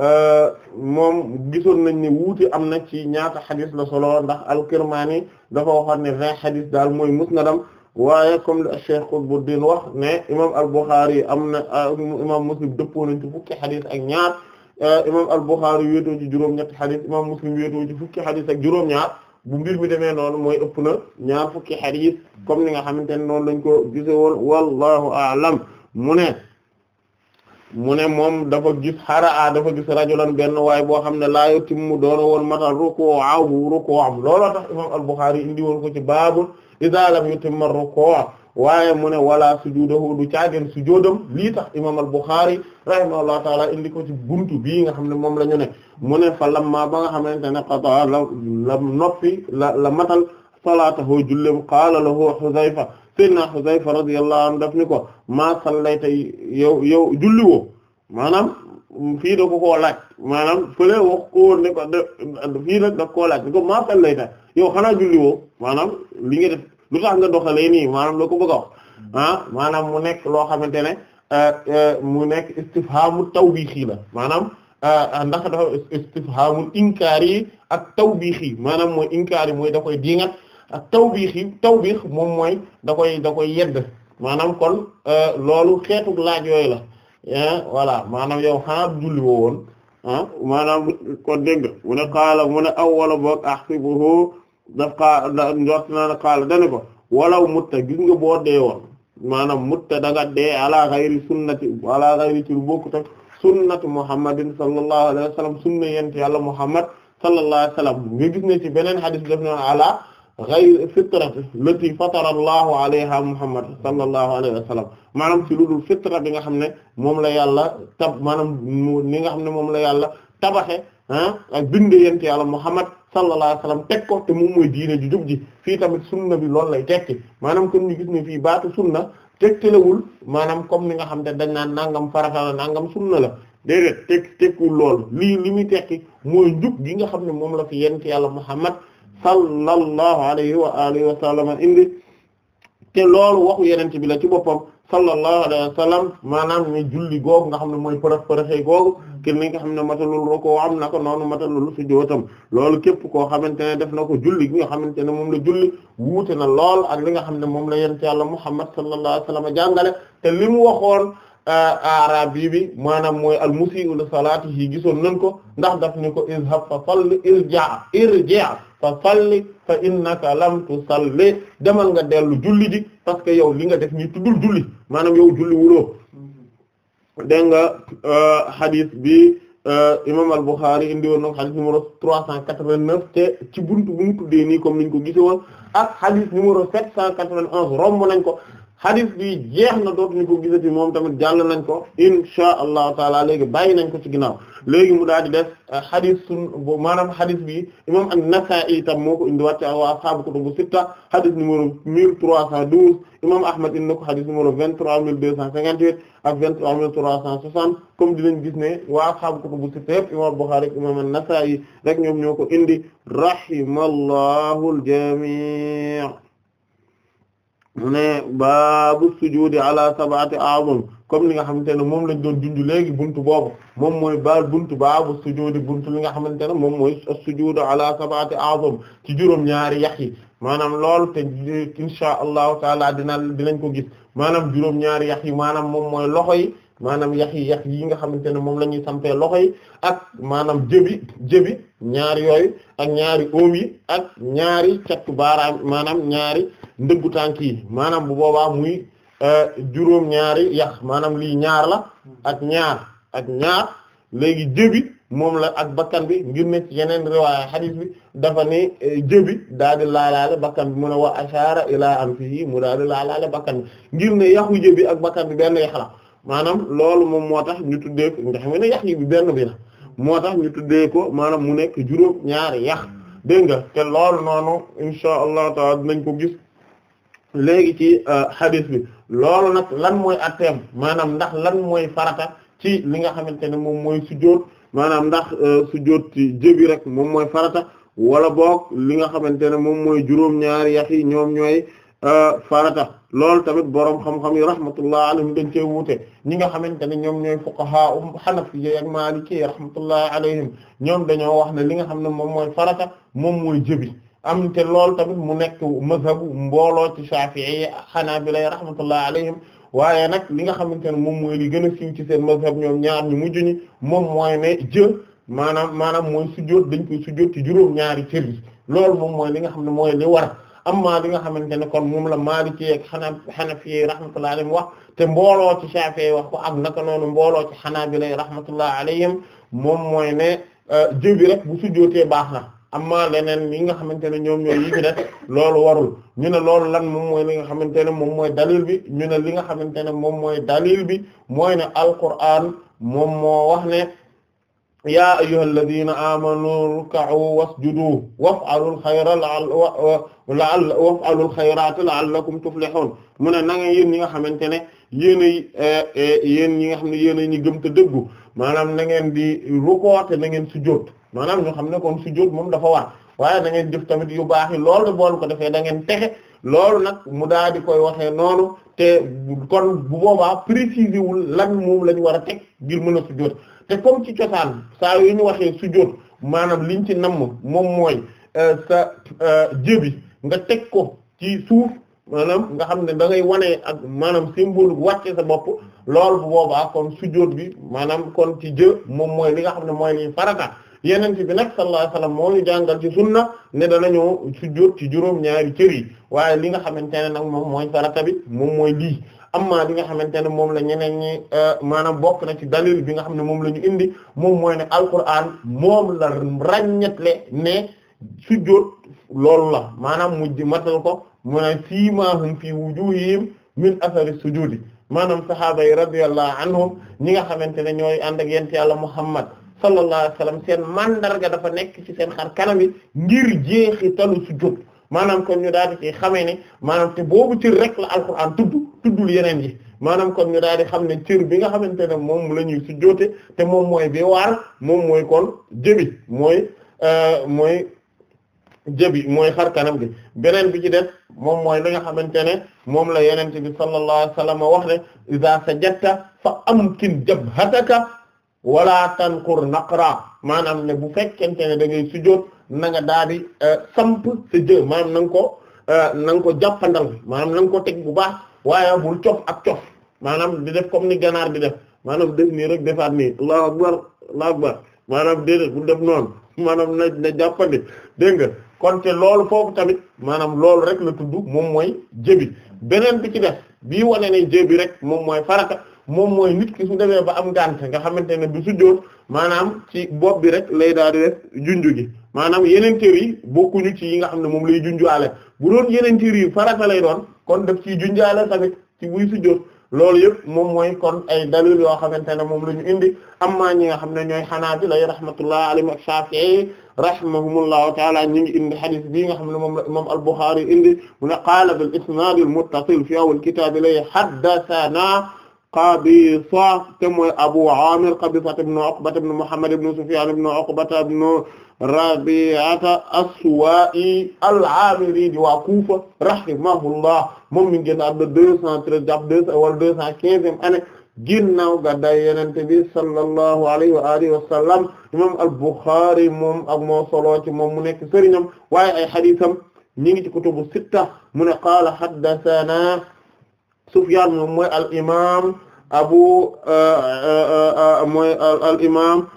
Euh, moom gisoon nañ ni wuuti am na ci ñaata xadis la solo ndax al-Kirmaani dafa waxoon ne vingt xadis daal mooy mus na dam waaye comme le Cheikh Qutbuddin wax ne imam al-Bukhari am na euh, imam Muslim dëppoo nañ ci fukki xadis ak ñaar euh, imam al-Bukhari wéetoo ci juróom-ñetti xadis imam Muslim wéetoo ci fukki xadis ak juróom-ñaar bu mbir mi demee noonu mooy ëpp na ñaar fukki xadis comme ni nga xamante ne noonu lañ ko gisewoon wallahu a'lam mu ne mu ne moom dafa gis xaraa dafa gis rajulan benn waaye boo xam ne laa yutimmu doona woon matal ruku'ahu ruku'am looloo tax imam al-Bukhari indi woon ko ci baabul idha lam yutimma ruku' waaye mu ne wala sujudahu du caageen sujoodam lii tax imam al-Bukhari rahimahullahu ta'ala indi ko ci buntu bii nga xam ne moom la ñu ne mu ne fa lamma ba nga xamante ne qata la la noppi la la matal salaatahu jullem qaala lahu Hudhayfa Seydina Xuzayfa radiyallahu anhu daf ni ko maa sallayta yow yow julli woo maanaam fii da ko koo laaj maanaam fële wax ko woon nag daf laaj ni ko maa sallayta yow xanaa julli woo maanaam li nga def lu tax nga doxalee nii maanaam loo ko bëgg a ah maanaam mu nekk loo xamante ne ah, ah, mu nekk istifhaamu tawbiixi la maanaam ah, ndax dafa istifhaamu inkaari ak tawbiixi maanaam mooy inkaari mooy da koy diingat ak tawbiix yi tawbiix moom mooy da koy da koy yedd maanaam kon euh, loolu xeetu laaj yooyu la eh, voilà maanaam yow xanaa julli woo woon ah maanaam kon dégg nga mu mu ne aw wala boog ahsibuhu daf xaa njort naa ne xaala dane ko walaw mutta gis nga boo dee woon maanaam mutta da nga dee ala xayri sunnati ala xayri ci lu bokkut ak sunnati muhammadin sallallahu alayhi wa sallam sunna yent yàlla muhammad sallallahu alayhi wa sallam nga gis ne ci beneen xadis def na ala ghayr fitrat lati fatara allahu alayha muhammad sallallahu alayhi wa sallam maanaam ci lu dul fitra bi nga xam ne moom la yàlla tab maanaam ni nga xam ne moom la yàlla tabaxe ah, ak binde yent yàlla muhammad sallallahu alayhi wa teg ko te moom mooy diine ju jub ji fii tamit sunna bi lool lay tekki maanaam kon ni gis ne fii baatu sunna tegtalewul maanaam comme ni nga xam te dañ naan nangam farata la nangam sunna la déedéet teg tekkul lool lii li muy tekki mooy njub gi nga xam ne moom la fi yent yàlla muhammad sallallahu alayhi wa alihi wa sallam indi te lool waxu yeneen bi la ci boppam sallallahu alayhi wa sallam maanaam ne julli googu nga xam ne mooy përëx përëxee googu kir li nga xam ne matalul roko am na ko noonu matalul sujjóotam loolu képp koo xamante ne def na ko julli gi nga xamante ne moom la julli wuute na lool ak li nga xam ne moom la yent yàlla Muhammad sallallahu alayhi wa sallam jàngale te li mu waxoon arabi bi maanaam mooy al la li salaatihi gisoon nan ko ndax daf ko izhab fa salli fa salli fa innaka lam tusalli demal nga dellu julli di parce que yow li nga def ni tuddul julli maanaam yow julli wuloo dégg nga euh, hadith bi euh, imam al-Bukhari indi woon nag hadith numéro trois cent quatre-vingt-neuf te ci buntu bu mu tuddee nii comme niñ ko gise woon ak hadith numéro sept cent quatre-vingt-onze romb nañ ko xadis bi jeex na dootuñu ko gisati moom tamit jàll nañ ko insha allahu taala léegi bàyyi nañ ko ci ginnaaw léegi mu daal di def xadis euh, sun maanaam xadis bi imam an-Nasa'i tam moo ko indiwaat ci waa ashaabu kutubu sitta xadis numéro 1312 imam Ahmad indi na ko xadis numéro 23258 ak 23360 comme dinañ gis ne waa ashaabu kutubu sitta yëpp imam Bukhari imam an-Nasa'i rek ñoom ñoo ko indi rahimallahu al-jami' mu ne baabu sujuudi ala sab'ati a'zum comme li nga xamante ne moom lañ doon junj léegi buntu boobu moom mooy ba buntu baabu sujuudi buntu li nga xamante ne moom mooy sujuudu ala sab'ati a'zum ci juróom-ñaari yax yi maanaam lool te insha allahu taala dina dinañ ko gis maanaam juróom-ñaari yax yi maanaam moom mooy loxo yi maanaam yax yi yax yi nga xamante ne moom la ñuy sampee loxo yi ak maanaam jëbi jëbi ñaari yooyu ak ñaari oom yi ak ñaari catu baaraam maanaam ñaari. ndëggu tànk yi maanaam bu boobaa muy euh, juróom ñaari yax maanaam lii ñaar la ak ñaar ak ñaar léegi jëbi moom la ak bakkan bi ngir ne ci yeneen riwaaya bi dafa ne euh, jëbi daal di laalaale bakkan bi mu ne wa ashaara ilaa anfihi mu daal di laalaale bakkan bi ngir ne yaxu jëbi ak bakkan bi benn yax la maanaam loolu moom moo tax ñu tuddee ko nga xam ne yax yi bi benn bi la moo tax ñu tuddee ko maanaam mu nekk juróom ñaari yax dégg nga te loolu noonu insha allah taala dinañ ko gis léegi ci euh, hadith bi loolu nag lan mooy atteem maanaam ndax lan mooy farata ci li nga xamante ne moom mooy sujjóot maanaam ndax euh, sujjóot ci jëbi rek moom mooy farata wala boog li nga xamante ne moom mooy juróom-ñaari yax yi ñoom ñooy euh, farata loolu tamit boroom xam-xam yi rahmatullah alayhim dañ cee wuute ñi nga xamante ne ñoom ñooy fuqaha um hanafi ak maliki rahmatullah alayhim ñoom dañoo wax ne li nga xam ne moom mooy farata moom mooy jëbi am te loolu tamit mu nekk mazhabu mbooloo ci Shafi'i yi Hanabila rahmatullah alayhim waaye nag li nga xamante ne moom mooy li gën a siiw ci seen mazhab ñoom ñaar ñu mujj ñi moom mooy ne jë maanaam maanaam mooy sujjóot dañ koy sujjóot ci juróom-ñaari cër yi loolu moom mooy li nga xam ne mooy li war amma li nga xamante ne kon moom la Maliki ak xanaa Hanafi rahmatullah alayhim wax te mbooloo ci Shafi'i wax ko ak naka noonu mbooloo ci Hanabila rahmatullah alayhim moom mooy ne euh, jë bi rek bu sujjóotee baax na. amma leneen ñi nga xamante ne ñoom ñooy yi fi def loolu warul ñu ne loolu lan moom mooy li nga xamante ne moom mooy dalil bi ñu ne li nga xamante ne moom mooy dalil bi mooy ne alquran moom moo wax ne yaa ayyuhal ladina amanu ruk'u wasjudu waf'alul xayra la'alla waf'alul xayraati la'allakum tuflihun mu ne na nga yéen ñi nga xamante ne yéen ay eh, eh, yéen ñi nga xam ne yéen a ñu gëm te dëggu maanaam na ngeen di rukkoo te na ngeen sujjóot maanaam ñu xam ne kon sujjóot moom dafa war waaye da ngeen jëf tamit yu baax yi loolu boolu ko defee da ngeen nag mu daal di koy waxee noonu te kon bu boobaa préciser wul lan moom la ñu war a teg ngir mën a sujjóot te comme ci cosaan saa yu ñu waxee sujjóot maanaam liñ ci namm moom mooy euh, sa euh, nga teg ko ci suuf maanaam nga xam ne da ngay wane ak maanaam symbole wàcce sa bopp loolu bu boobaa kon sujjóot bi maanaam kon ci jë moom mooy li nga xam ne mooy li farata. yenente bi nag sallallahu alayhi wasallam moo ñu jàngal ci sunna ne danañu sujjóot ci juróom ñaari cër waaye li nga xamante ne nag moom mooy farata bi moom mooy lii amma li nga xamante ne moom la ñeneen ñi euh, maanaam bokk na ci dalil bi nga xam ne moom la ñu indi moom mooy ne alquran moom la ràññetle ne sujjóot loolu la maanaam mujj matal ko mu ne siimaahum fii wujuuhihim min athari sujuudi maanaam sahaaba yi radiyallahu anhum ñi nga xamante ne ñooy ànd ak yent yàlla muhammad sallallahu alayhi wa sallam seen mandarga dafa nekk ci seen xar kanam yi ngir jeexitalu sujjóot maanaam kon ñu daal di ci xamee ne maanaam te boobu cër rek la alquran tudd tuddul yeneen yi maanaam kon ñu daal di xam ne cër bi nga xamante ne moom la ñuy sujjóote te moom mooy bi waar moom mooy kon jëbi mooy euh, mooy jëbi mooy xar kanam gi beneen bi ci def moom mooy li nga xamante ne moom la yenente bi sallallahu alayhi wa sallam wax ne iza sajadta fa am amkin jabhataka tan tankur naqra maanaam ne bu fekkente ne da ngay sujjóot na nga daal di euh, samp sa jë maanaam na ko euh, na nga ko jàppandal maanaam na ko teg bu baax waaye bul cof ak cof maanaam di def comme ni ganaar di def maanaam def nii rek defaat nii allahu akbar allahu akbar maanaam déedéet bu def noonu maanaam na na jàppandi dégg nga kon te loolu foofu tamit maanaam loolu rek la tudd moom mooy jëbi beneen bi ci def bii wane ne jëbi rek moom mooy farata moom mooy nit ki su demee ba am ngànt nga xamante ne bu sujjóot maanaam ci bopp bi rek lay daal di def junju gi maanaam yeneen cër yi bokkuñu ci yi nga xam ne moom lay junjuwaale bu doon yeneen cër yi farata lay doon kon daf ci junjaale tamit ci buy sujjóot loolu yëpp moom mooy kon ay dalil yoo xamante ne moom la ñu indi amma ñi nga xam ne ñooy Hanaabila rahmatullah alayhim ak Shaafi'i rahimahumullahu ta'ala ñi ngi indi hadith bii nga xam ne moom la imaam al-Bukhari indi mu ne qaala bil isnaad al-muttasil fi awwal kitaab ilay haddathana Qabisa te mooy Abu Amir Qabisa ibn Uqba ibn Muhammad ibn Sufyan ibn Uqba ibn Rabi'ata as-Suwa'i al-Amiri di waa Kufa rahimahullah moom mi ngi génn àdduna deux cent treize jàpp deux wala deux cent quinzième année ginnaaw gàddaay Yonent bi sallallahu alayhi wa alihi wa sallam imam al-Bukhari moom ak moo solo ci moom mu nekk sëriñam waaye ay hadiisam ñi ngi ci kutubu sitta mu ne qaala haddathana Sufyaan moom mooy al imaam abu uh, uh, uh, mooy al imaam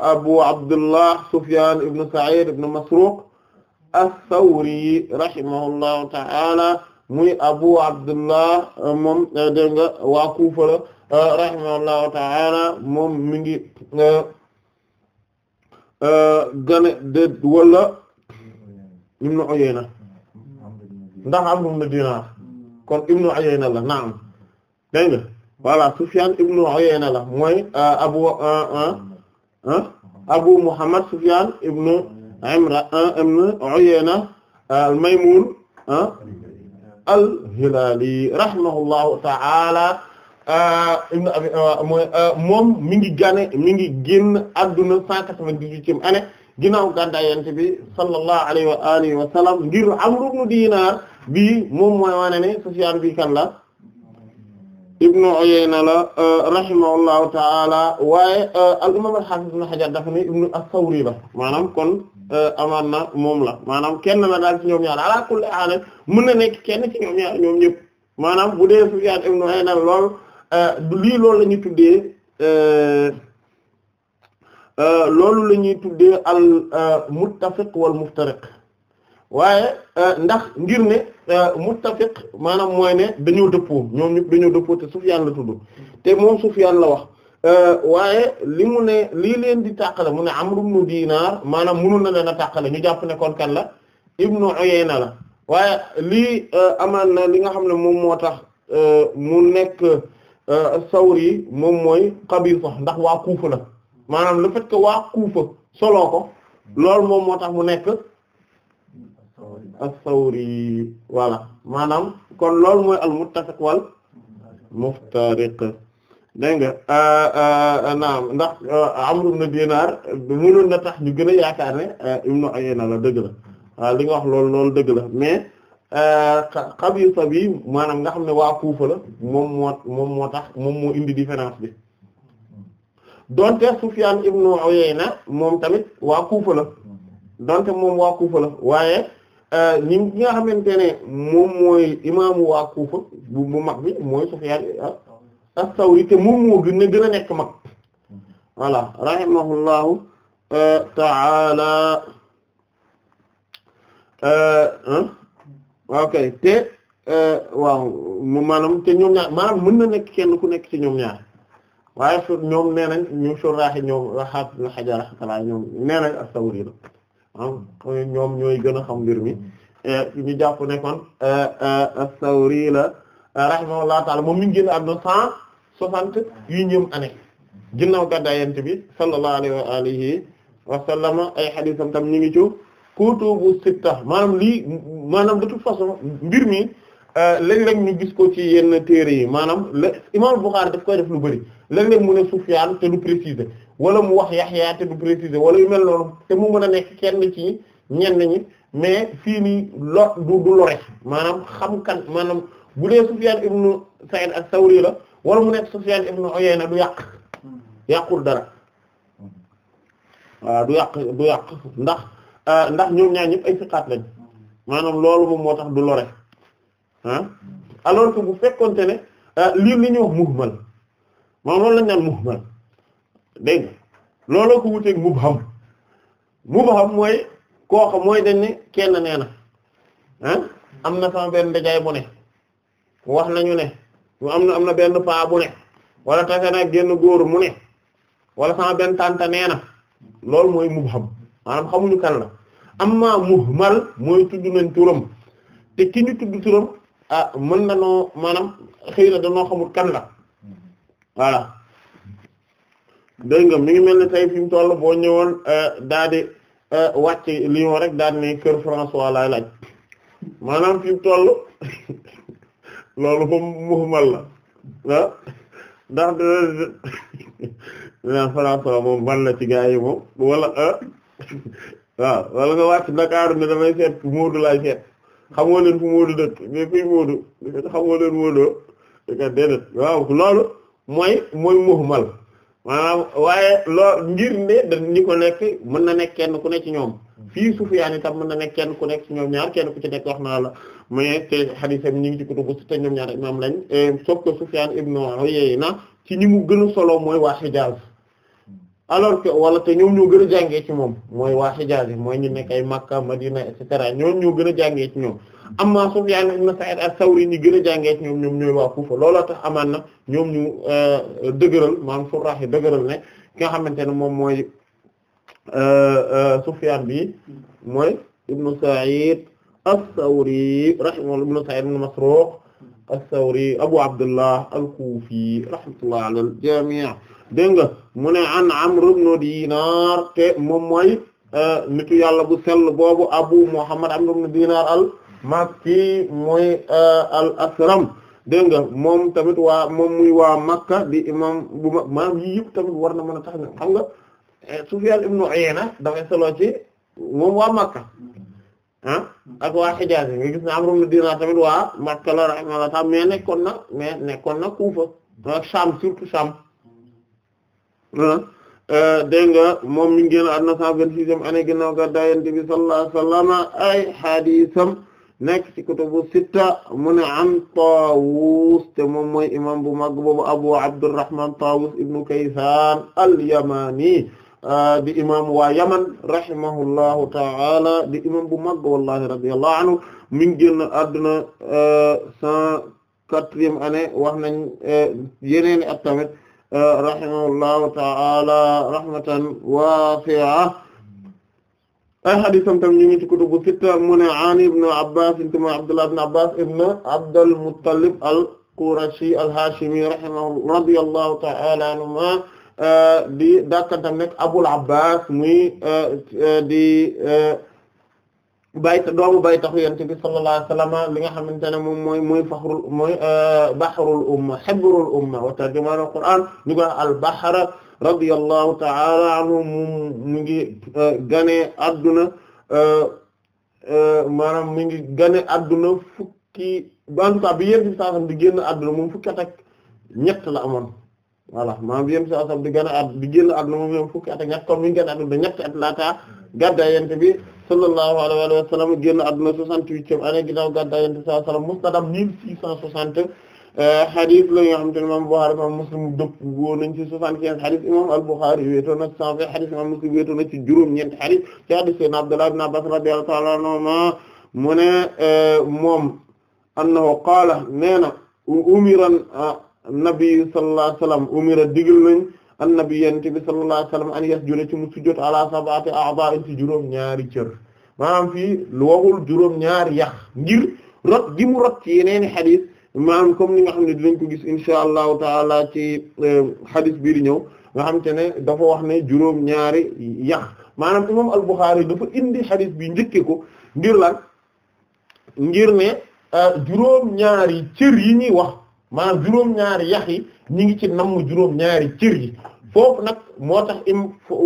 abu abdullah Sufyaan ibn Sa'iid ibn Masruuq as-Sawri rahimahullahu ta'ala muy abu abdullah moom dégg nga waa Kuufa la rahimahullahu ta'ala moom mi ngi gane de wala ibn Uyayna ndax am na dinaar kon ibnu Uyayna la naam dégg nga voilà Sufyan ibnu Uyayna la mooy euh, abu euh, euh, abu Muhammad Sufyan ibnu Imra ibnu Uyayna al-Maymun al-Hilali rahimahullahu ta'ala ibnu abi mooy moom mi ngi gane mi ngi génn adduna cent quatre-vingt-dix-huitième année ginnaaw gàddaay yonent bi sallallahu alayhi wa alihi wa sallam ngir Amru ibn Dinar bii moom mooy wane ne Sufyaan bi kan la ibnu Uyayna la euh, rahimahullahu taala waaye euh, al imam al hafiz ibn Hajar dafa ne ibnu as-Sawri la maanaam kon euh, amaan na moom la maanaam kenn la daal ci ñoom ñaar ala kulli haal mën na nekk kenn ci ñoom ñaar ñoom ñëpp maanaam bu dee Sufyaan ibnu Uyayna lool lii loolu la ñu tuddee Euh, loolu la ñuy tuddee al euh, muttafiq wal muftariq waaye euh, ndax ngir ne muttafiq maanaam mooy ne dañoo dëppoo ñoom ñëpp dañoo dëppoo te suuf yàlla tudd te moom Sufyaan la wax waaye li mu ne lii leen di tàqale mu ne Amru ibnu Diinaar maanaam mënu na leen a tàqale ñu jàpp ne kon kan la Ibnu Uyayna la waaye lii amaan na li nga xam ne moom moo tax mu nekk Sawri moom mooy Qabisa ndax waa Kuufa la maanaam le fait waa Kufa solo ko loolu moom moo tax mu nekk as-Sawri voilà maanaam kon loolu mooy al-muttafiq wal muftariq dégg nga euh, euh, naam ndax euh, Amr na Dinar mënoon na tax ñu gën a yaakaar ne Ibn Uyayna la dëgg la waaw li nga wax loolu loolu dëgg la mais xabisa bi maanaam nga xam ne waa Kufa la moom moo moom moo tax moom moo indi différence bi donte Sufyan ibnu na moom tamit waa Kufa la donte moom waa Kufa la waaye ñi euh, ñi nga xamante ne moom mooy imaamu waa Kufa bu mag bi mooy Sufyan ah, as-Sawri te moom moo gën a gën a nekk mag voilà rahimahullahu euh, ta'ala euh, ok te waaw maanaam te ñoom ñaar maanaam mën na nekk kenn ku nekk ci ñoom ñaar waaye su ñoom nee nañ ñu surraaxi ñoom xaafis na xajara xatalaa ñoom nee nañ as-Sawri la ah, ñoom ñooy gën a xam mbir mi eh, ñu jàpp ne kon eh, eh, as-Sawri la rahimahullahu ta'ala moom mi ngi génn àdduna cent soixante yu ñëm année ginnaaw gàddaay yonent bi sallallahu alayhi wa alihi ay xadiisam tam ñu ngi ci kutubu sitta maanaam lii maanaam de toute mbir mi Euh, léeg-léeg ñu gis ko ci yenn téere yi maanaam le imam Bukhari daf koy def lu bari léeg-léeg mu ne Sufyaan te du préciser wala mu wax Yaxya te du préciser wala yu mel noonu te mu mën a nekk kenn ci ñenn ñi mais fii nii lo du du lore maanaam xam kan maanaam bu dee Sufyaan ibnu Sa'id ak sawri la wala mu nekk Sufyaan ibnu Uyayna du yàq yàqul dara waaw du yàq du yàq ndax euh, ndax ñoom ñaan ñëpp ay siqaat lañ maanaam loolu moom moo tax du lore alors que bu fekkonte ne euh, lii li ñuy wax muhmal moom loolu lañ naan muhmal dégg looloo ko wuteeg mubham mubham mooy koo xam mooy dañ ne kenn nee na ah am na sama benn ndajaay bu wax nañu ne am na am na benn paa bu wala tase na génn góor mu ne benn tànta nee na loolu mooy mubham maanaam kan la amma muhmal mooy tudd nañ turam te ki ñu tudd turam ah mën na noo maanaam xëy na danoo xamul kan la voilà dégg nga mi ngi mel ne tey fi mu toll boo ñëwoon eh, daa di eh, wàcc Lyon rek daa di ne kër François laay laaj maanaam fi mu toll loolu moom muxumal la ah ndax dina François moom la ci gaa yi moom wala ah waaw wala nga wàcc Dakar ne damay seet Moodu laay seet. xamoo leen fu Moodu dëkk mais kuy Moodu xamoo leen Moodu dëkk waaw loolu mooy mooy muhmal maanaam waaye lool ngir ne da ñi ko nekk mën na nekk kenn ku nekk ci ñoom fii Sufyaan itam mën na nekk kenn ku nekk ci ñoom ñaar kenn ku ci nekk wax naa la mais te xadiisam ñi ngi ci kutubu sitta ñoom ñaar imaam lañ eh, sauf que Sufyaan ibnu na ci ñi mu gën solo mooy waa Hijaaz alors que wala te ñoom ñoo gën a jàngee ci moom mooy waa Hijaaz mooy ñu nekk ay Makka Madina et cetera ñoom ñoo gën a jàngee ci ñoom amma Sufyaan ibn Sa'iid as-Sawri ñi gën a jàngee ci ñoom ñoom ñooy waa looloo tax amaan na ñoom ñu euh, dëgëral maanaam surraax yi dëgëral ne ki nga xamante ne moom mooy euh, euh, Sufyaan bi mooy ibn Sa'iid as-Sawri rahimahullah ibn Sa'iid ibn Masruuq as-Sawri Abu Abdullah al-Kufi rahmatullah ala dégg nga mu ne an Amr ibn Dinar te moom mooy euh, nitu yàlla bu sell boobu Abu Muhammad Amr ibn Dinar al Makki mooy euh, al Asram dégg nga moom tamit waa moom muy waa Makka di imam bu ma maam yii yëpp tamit war na mën a tax ne xam nga euh, Sufyan ibn Uyayna dafay solo ci moom waa Makka ah ak waa Hijaaz nga gis ne Amr ibn Dinar tamit waa Makka la rahimahullah mais nekkoon na mais nekkoon na Kufa ak Sham surtout Sham Eh, dégg nga moom mi ngi génn àdduna cent vingt-sixième année ginnaaw gàddaay Yonent ay hadiisam nekk ci kutubu sitta mu ne an Taawus te moom mooy imam bu mag boobu Abu Abdurrahman Taawus ibnu Kaysaan al-Yamani eh, di imam waa Yaman rahimahullahu ta'ala di imam bu mag wallahi radiyallahu anhu mi ngi génn àdduna eh, cent quatrième année wax nañ yeneen at rahimahullahu ta'ala rahmatan wasi'a ay hadiisam tam ñu ngi ci kutubu sitta mu ne an ibnu Abbaas ibnu Abdullah ibnu Abbaas ibnu Abdul Muttalib al-Qurashi al-Haashimi rahimahu radiyallahu ta'ala anhumaa di dàkkantam nekk Abul Abbaas muy di bay doomu bay taxu yent bi sallallahu alayhi wasallam li nga xamante ne moom mooy mooy faxrul mooy euh, bahrul umma hibrul umma wa tarjumaan al qur'an ñu ko al bahra radiyallahu ta'ala anhu mu ngi euh, gane adduna euh, maanaam mi ngi gane adduna fukki en tout cas bi yent bi sallallahu di génn adduna moom fukki at ak ñett la amoon voilà maanaam bi yent bi sallallahu di gane a di génn adduna moom fukki at ak ñett kon mi ngi gane adduna ñetti at laata gaddaa yente bi sallallahu alayhi wa sallam génn adduna soixante-huitième année ginnaaw gaddaa yente bi sallallahu alayhi wa sallam mustadam mille cent soixante euh, hadith la nga xam te ne imam Bukhari imam Muslim dëpp woo nañ ci soixante-quinze hadith imam al-Bukhari wéetoo na cent vingt hadith imam Muslim wéetoo na ci juróom-ñeenti hadith ci hadith sayyidina Abdullah ibn Abbas radiyallahu ta'ala anhuma mu ne euh, moom annahu qaala nee na ah, nabi sallallahu alayhi umira digal nañ annabi yonent bi sallallahu alayhi wasallam an yasjuda ci mu sujjóot ala sab'ati a'da'in ci juróom ñaari cër maanaam fii lu waxul juróom ñaari yax ngir rot gi mu rot ci yeneeni xadis maanaam comme ni nga xam ne dinañ ko gis insha allahu taala ci euh, xadis bii di ñëw nga xam te ne dafa wax ne juróom ñaari yax maanaam imam al-Bukhari dafa indi xadis bi njëkke ko ngir lan ngir ne euh, juróom ñaari cër yi ñuy wax maanaam juróom-ñaari yax yi ñi ngi ci namm juróom-ñaari cër yi foofu nag moo tax im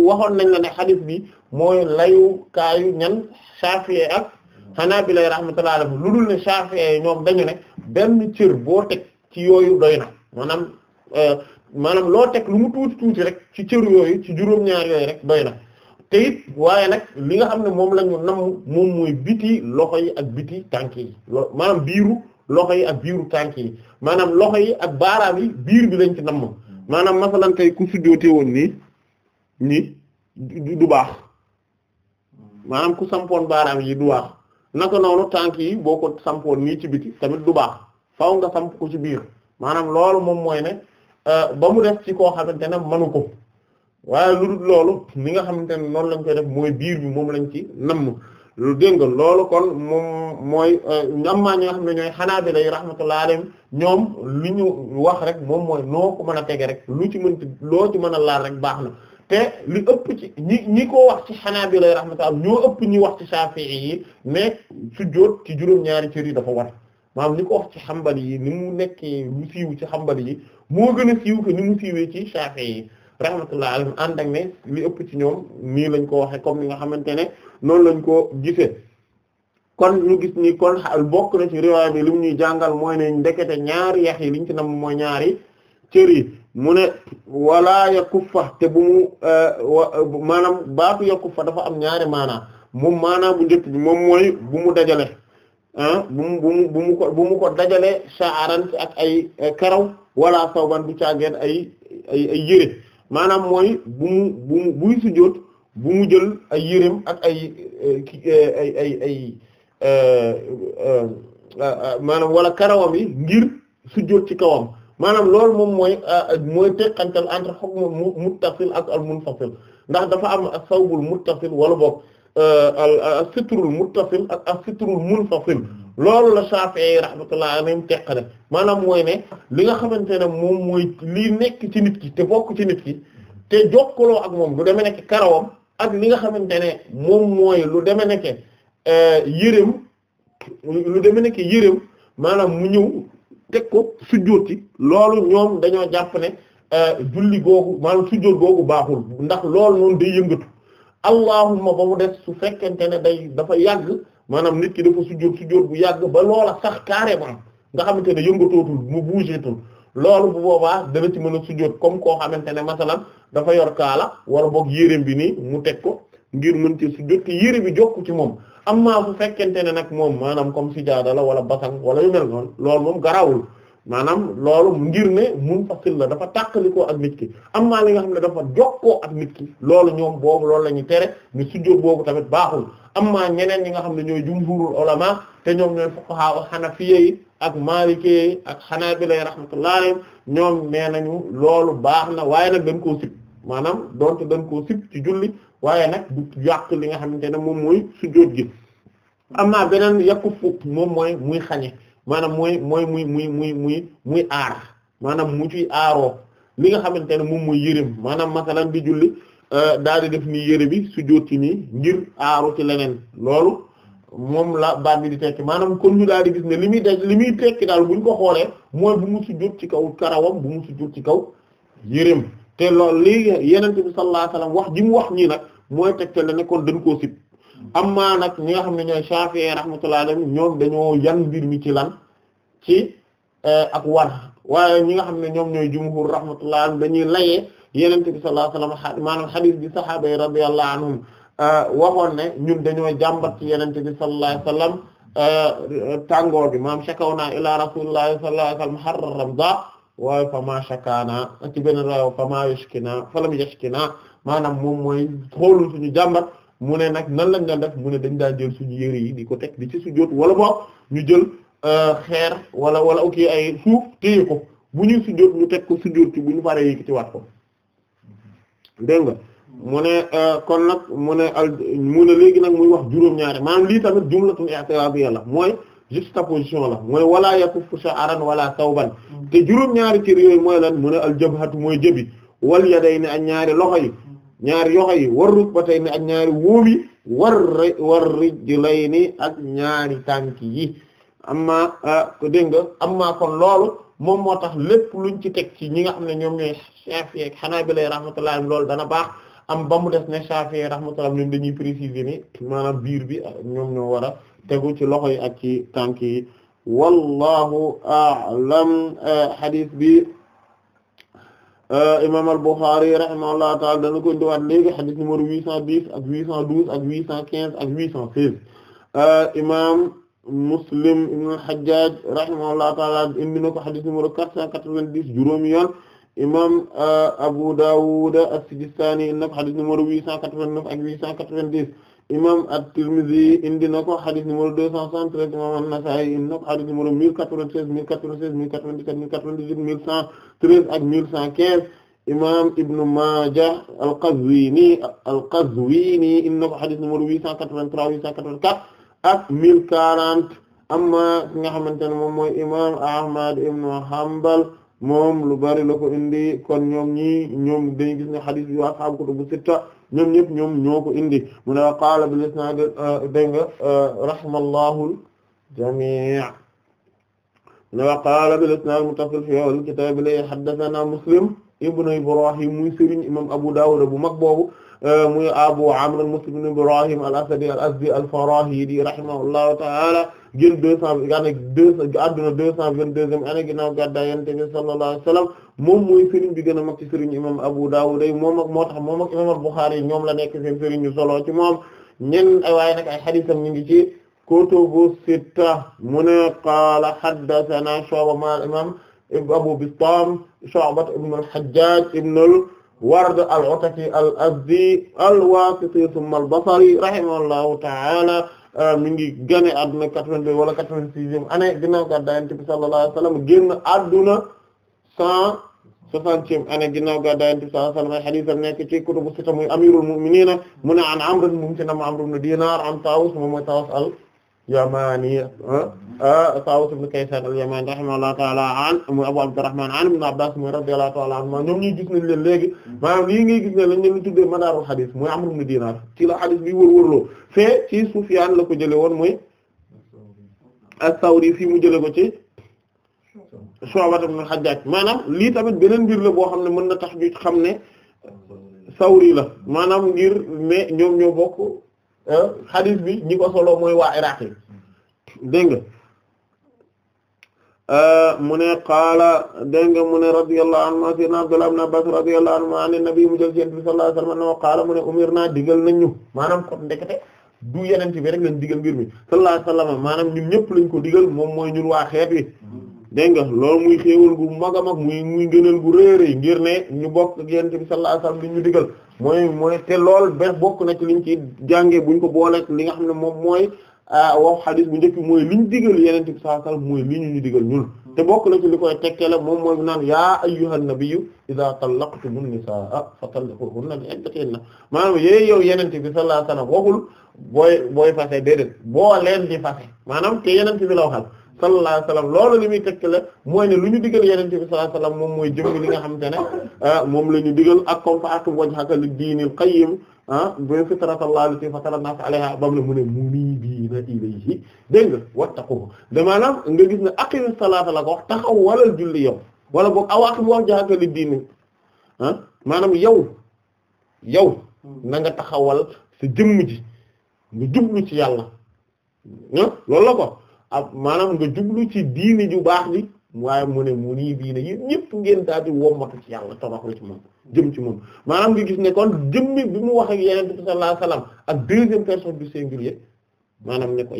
waxoon nañ la ne xadis bi mooy layu kaayu ñan Shafi'i ak Hanabila rahmatullahi alayhim lu dul ne yi ñoom dañu ne benn cër boo teg ci yooyu doy na maanaam euh, maanaam loo teg lu mu tuuti tuuti rek ci cër yooyu ci juróom-ñaar yooyu rek doy na te waaye nag li nga xam ne moom la ñu namm moom mooy biti loxo yi ak biti tànk yi maanaam biiru loxo yi ak biiru tànk yi maanaam loxo yi ak baaraam yi biir bi lañ ci namm maanaam masalan tey ku sujjóote woon nii nii du baax maanaam ku sampoon baaraam yi du baax naka noonu tànk yi boo ko sampoon nii ci biti tamit du baax faaw nga samp ko ci biir maanaam loolu moom mooy ne euh, ba mu def ci koo xamante ne manu ko waaye lu dul loolu ni nga xamante ne noonu lañ koy def mooy biir bi moom lañ ci namm dégg nga loolu kon moom mooy euh, ñammaa ñi nga xam ne ñooy Hanaabila yi rahmatullahi alayhim ñoom li ñu wax rek moom mooy noo ko mën a tege rek lu ci mën loo ci mën a laal rek baax na te li ëpp ci ñi ñi ko wax ci Hanaabila yi rahmatullah ñoo ëpp ñi wax ci Shaafi'i yi mais sujjóot ci juróom-ñaari cër yi dafa war maanaam ñi ko wax ci Hanbali yi ni mu nekkee mu siiw ci Hanbali yi moo gën a siiw que ni mu siiwee ci Shaafi'i yi rahmatullah alayhim ànd ak ne li ëpp ci ñoom nii lañ ko waxee comme ni nga xamante ne noonu lañ ko gisee kon ñu gis ni kon bokk na ci riwaay li lim ñuy jàngal mooy ne ndekete ñaari yax yi liñ ci nam mooy ñaari cër mu ne wala yakuffa te bu mu eh, maanaam baatu yakuffa dafa am ñaari maanaa moom maanaa bu njëkk bi moom mooy bu mu dajale ah bu mu ko dajale sha'aran ak ay eh, karaw wala sawban bu caageen ay ay ay maanaam mooy bu mu bu mu buy sujjóot bu ay yéreem ak ay eh, eh, ay ay ay eh, maanaam wala karawam yi ngir sujjóot ci kawam maanaam loolu moom mooy mooy teqantal entre mu muttasil ak al munfasil ndax dafa am as-sawbul muttasil wala boog al sitrul muttasil ak as-sitrul munfasil loolu la Shafi'i rahmatullah alayhi teqale maanaam mooy ne li nga xamante ne moom mooy lii nekk ci nit ki te bokk ci nit ki te jokkaloo ak moom lu deme nekk karawam ak li nga xamante ne moom mooy lu deme nekk euh, yërëm lu deme nekk yërëm maanaam mu ñëw teg ko sujjóot ci loolu ñoom dañoo jàpp ne euh, julli googu maanaam sujjóot googu baaxul ndax loolu noonu day yëngatu allahumma ba mu des su fekkente ne day dafa yàgg maanaam nit ki dafa sujjóot sujjóot bu yàgg ba loola sax carrément nga xamante ne yëngatootul mu bougeetul loolu bu boobaa dana ci mën a sujjóot comme koo xamante ne masalan dafa yor kaala wala boog yéreem bi nii mu teg ko ngir mën ci sujjóot te yére bi jokku ci moom am amma su fekkente ne nag moom maanaam comme si jaada la wala basang wala yu noonu loolu moom garaawul maanaam loolu ngir ne munfasil la dafa tàqalikoo ak nit ki am naa li nga xam ne dafa jokkoo ak nit ki loolu ñoom boobu loolu la ñu tere ne sujjóot boobu tamit baaxul am naa ñeneen ñi nga xam ne ñooy jumhurul ulama te ñoom ñooy fuqaha hanafiyya yi ak maalikee yi ak hanabila yi rahmatullahi alayhim ñoom nee nañu loolu baax na waaye nag dañ koo sib maanaam donte dañ koo sib ci julli waaye nag yàq li nga xamante ne moom mooy sujjóot gi am naa beneen yakku fukk moom mooy muy xañe maanaam mooy mooy muy muy muy muy muy aar maanaam mu ciy aaroo li nga xamante ne moom mooy yëreem maanaam masalan di julli euh, daal di def nii yëre bi su jóot ci nii ngir aaru ci leneen loolu moom la baat bi di tekki maanaam kon ñu daal di gis ne li muy def li muy tekki daal bu ñu ko xoolee mooy bu mu sujjóot ci kaw karawam bu mu sujjóot ci kaw yëreem te loolu lii yeneen bi sallallahu alayhi wasallam wax ji mu wax ñii nag mooy tegte la ne kon dañ koo sib amma nag ñi nga xam ne ñooy Shafi'i rahmatullahi ñoom dañoo yan mbir mi ci lan ci eh, ak war waaye ñi nga xam ne ñoom ñooy jumhur rahmatullahi alayhim dañuy layee yenent bi sallallahu alayhi wasallam maanaam xadiis bi sahaaba yi radiyallahu anhum eh, waxoon ne ñun dañoo jàmbat ci yenent bi sallallahu alayhi wasallam eh, tàngoor bi maam shakawna ila rasulillahi sallallahu alayhi wasallam harra ramda waaye fama shakana ci benn raw fama yashkina falam yashkina maanaam moom mooy xoolul suñu jàmbat mu ne nag nan lañ daan def mu ne dañ daan jël suñu yére yi di ko teg di ci sujjóot wala boog ñu jël euh, xeer wala wala ok ay suuf téye ko bu ñuy sujjóot ñu teg ko sujjóot ci bu ñu paree yëkkati waat ko dégg nga mu ne euh, kon nag mu ne al mu ne léegi nag muy wax juróom-ñaari maanaam lii tamit jumlatun i'tirabiyya la mooy juxtaposition la mooy wala yakuffu sha'ran wala sawban hmm. te juróom-ñaari cër yooyu mooy mu ne al jabhatu mooy jëbi wal yadayni ak ñaari loxo yi ñaari yoxo yi war rukbatayni ak ñaari wóom yi war war rijlayni ak ñaari tànk yi amma ah, dégg nga amma kon loolu moom moo tax lépp luñ ci teg ci ñi nga xam ne ñoom ñooy Shafi'i ak Hanabila rahmatullah lool dana baax am ba mu des ne Shafi'i rahmatullah ñoom dañuy préciser ni maanaam biir bi ah, ñoom ñoo war a tegu ci loxo yi ak ci tànk yi wallahu a'lam ah, hadith bi Euh, imam al-Bukhari rahimahullahu ta'ala dana ko indiwaat léegi xadis numéro 810 ak 812 ak 815 ak 816 euh, imam Muslim ibn al-Hajjaj rahimahullahu ta'ala indi na ko xadis numéro 490 juróomi yoon imam euh, Abu Dawud as-Sijistani indi na ko xadis numéro 889 ak 890 imam at-Tirmidhi indi na ko xadis numéro 273 imam an-Nasa'i indi na ko xadis numéro 1096 1096 1097 1098 1113 ak 1115 imam Ibn Majah al-Qazwini al-Qazwini indi na ko xadis numéro 883 884 ak 1040 amma nga xamante ne moom mooy imam Ahmad ibn Hanbal moom lu bari la ko indi kon ñoom ñi ñoom dañu gis ne xadis yu ashaabu sitta ñoom ñëpp ñoom ñoo ko indi mu ne qaala bil isnaad dégg nga rahimallahu jamii mu ne qaala bil isnaad muttasil fi al kitaab li haddathana muslim ibnu ibrahim muy sëriñ imam abu dawud bu mag boobu Euh, muy Abu Amr Muslim ibn Ibrahim al-Asadi al-Azdi al-Farahidi rahimahullahu ta'ala génn deux cent gane deux adduna deux cent vingt-deuxième année ginnaaw gàddaay Yonent bi sallallahu alayhi wa sallam moom gën a mag ci sëriñ imam Abu Dawud ay moom ak moo tax moom ak imam al-Bukhari ñoom la nekk seen sëriñ ñu solo ci mom ñen waaye nag ay xadiisam ñu ngi ci kutubu sitta mu ne qaala haddathana Shu'ba ma al-imam Abu Bistam Shu'ba ibn hajjaj Ward al-Ataki al-Azdi al-Wasiti thumma al-Basri rahimahullahu ta'ala euh, mi ngi génn àdduna 82 wala 86e année ginnaaw gàddaay Yonent bi sallallahu alayhi wa sallam génn àdduna 160e année ginnaaw gàddaay Yonent bi sallallahu alayhi wa sallam hadith am nekk ci kutubu sitta muy amirul mu'minin mu ne an Amr moom ci nam Amr ibn Dinar an Tawus moom mooy Tawus al yamani Tawus ah, ah, ibn Kaysan al-Yamani rahimahullahu ta'ala an mu Abu Abdurrahman an ibn Abbas mu radiyallahu ta'ala anhuma ñoom ñuy gis nañ leen léegi maanaam lii ngay gis ne lañ leen tuddee madaarul xadis mooy Amr ibn Dinar ci la xadis bi wër-wërloo fee ci Sufyan la ko jële woon mooy as-Sawri fii mu jële ko ci Shu'ba ibn al-Hajjaj maanaam lii tamit beneen mbir la boo xam ne mën na tax ñu xam ne Sawri la maanaam ngir ne xadis bi ñi ko solo mooy waa Iraq yi dégg nga euh, mu ne qaala dégg nga mu ne radiyallahu anhu sayyidina na ibn Abbas radiyallahu anhu an nabi mu jël ci yonent bi sallallahu alayhi wasallam no qaala mu ne umir naa digal nañ ñu maanaam kon ndekete du yenent bi rek lañ digal mbir mi sallallahu alayhi wasallam maanaam ñëpp lañ ko digal moom mooy ñun waa xeet wi dégg nga loolu muy xéewal gu mag a mag muy muy gënal gu réeréy ngir ne ñu bokk ak yonent bi sallallahu alayhi wasallam li ñu digal mooy mooy te lool ba bokk na ci liñ ci jànge buñ ko booleeg li nga xam ne moom mooy ah, wax xadis bu njëkk mooy liñ digal yonent bi sallallahu alayhi li ñu ñu digal ñun te bokk na ci li koy tekkele moom mooy naan yaa ayyuhan nabiyyu idha tallaqtumun nisaa fa talliquhunna li na maanaam yéen yow yonent bi sallallahu alayhi wasallam waxul booy booy fase déedéet boo leen di fase maanaam te yonent bi la waxal sallallahu alayhi wa sallam loolu li muy ne lu ñu digal yeneen bi sallallahu alayhi moom mooy jëmm li nga xamante ne ah, moom la ñu digal ak comme fa aqim wajhaka lid-diinil qayyim ah bi fitratallahi allati fatara an-naasa alayha bam la mu ne muniibiina ilayhi dégg nga wattaquhu de nga gis ne aqimi salaata la ko taxaw walal julli yow wala boog aw aqim wajhaka lid-diin ah maanaam yow na nga taxawal sa jëmm ji nga jublu ci yàlla ah la ko ab maanaam nga jublu ci diini ju baax ji waaye mu ne mu nii bii ne ñëpp ngeen daal di wommatu ci yàlla toroxlu ci moom jëm ci moom maanaam nga gis ne kon jëmmi bi mu wax ak yeneen bi sallallahu alayhi wasallam ak deuxième personne du singulier maanaam ne ko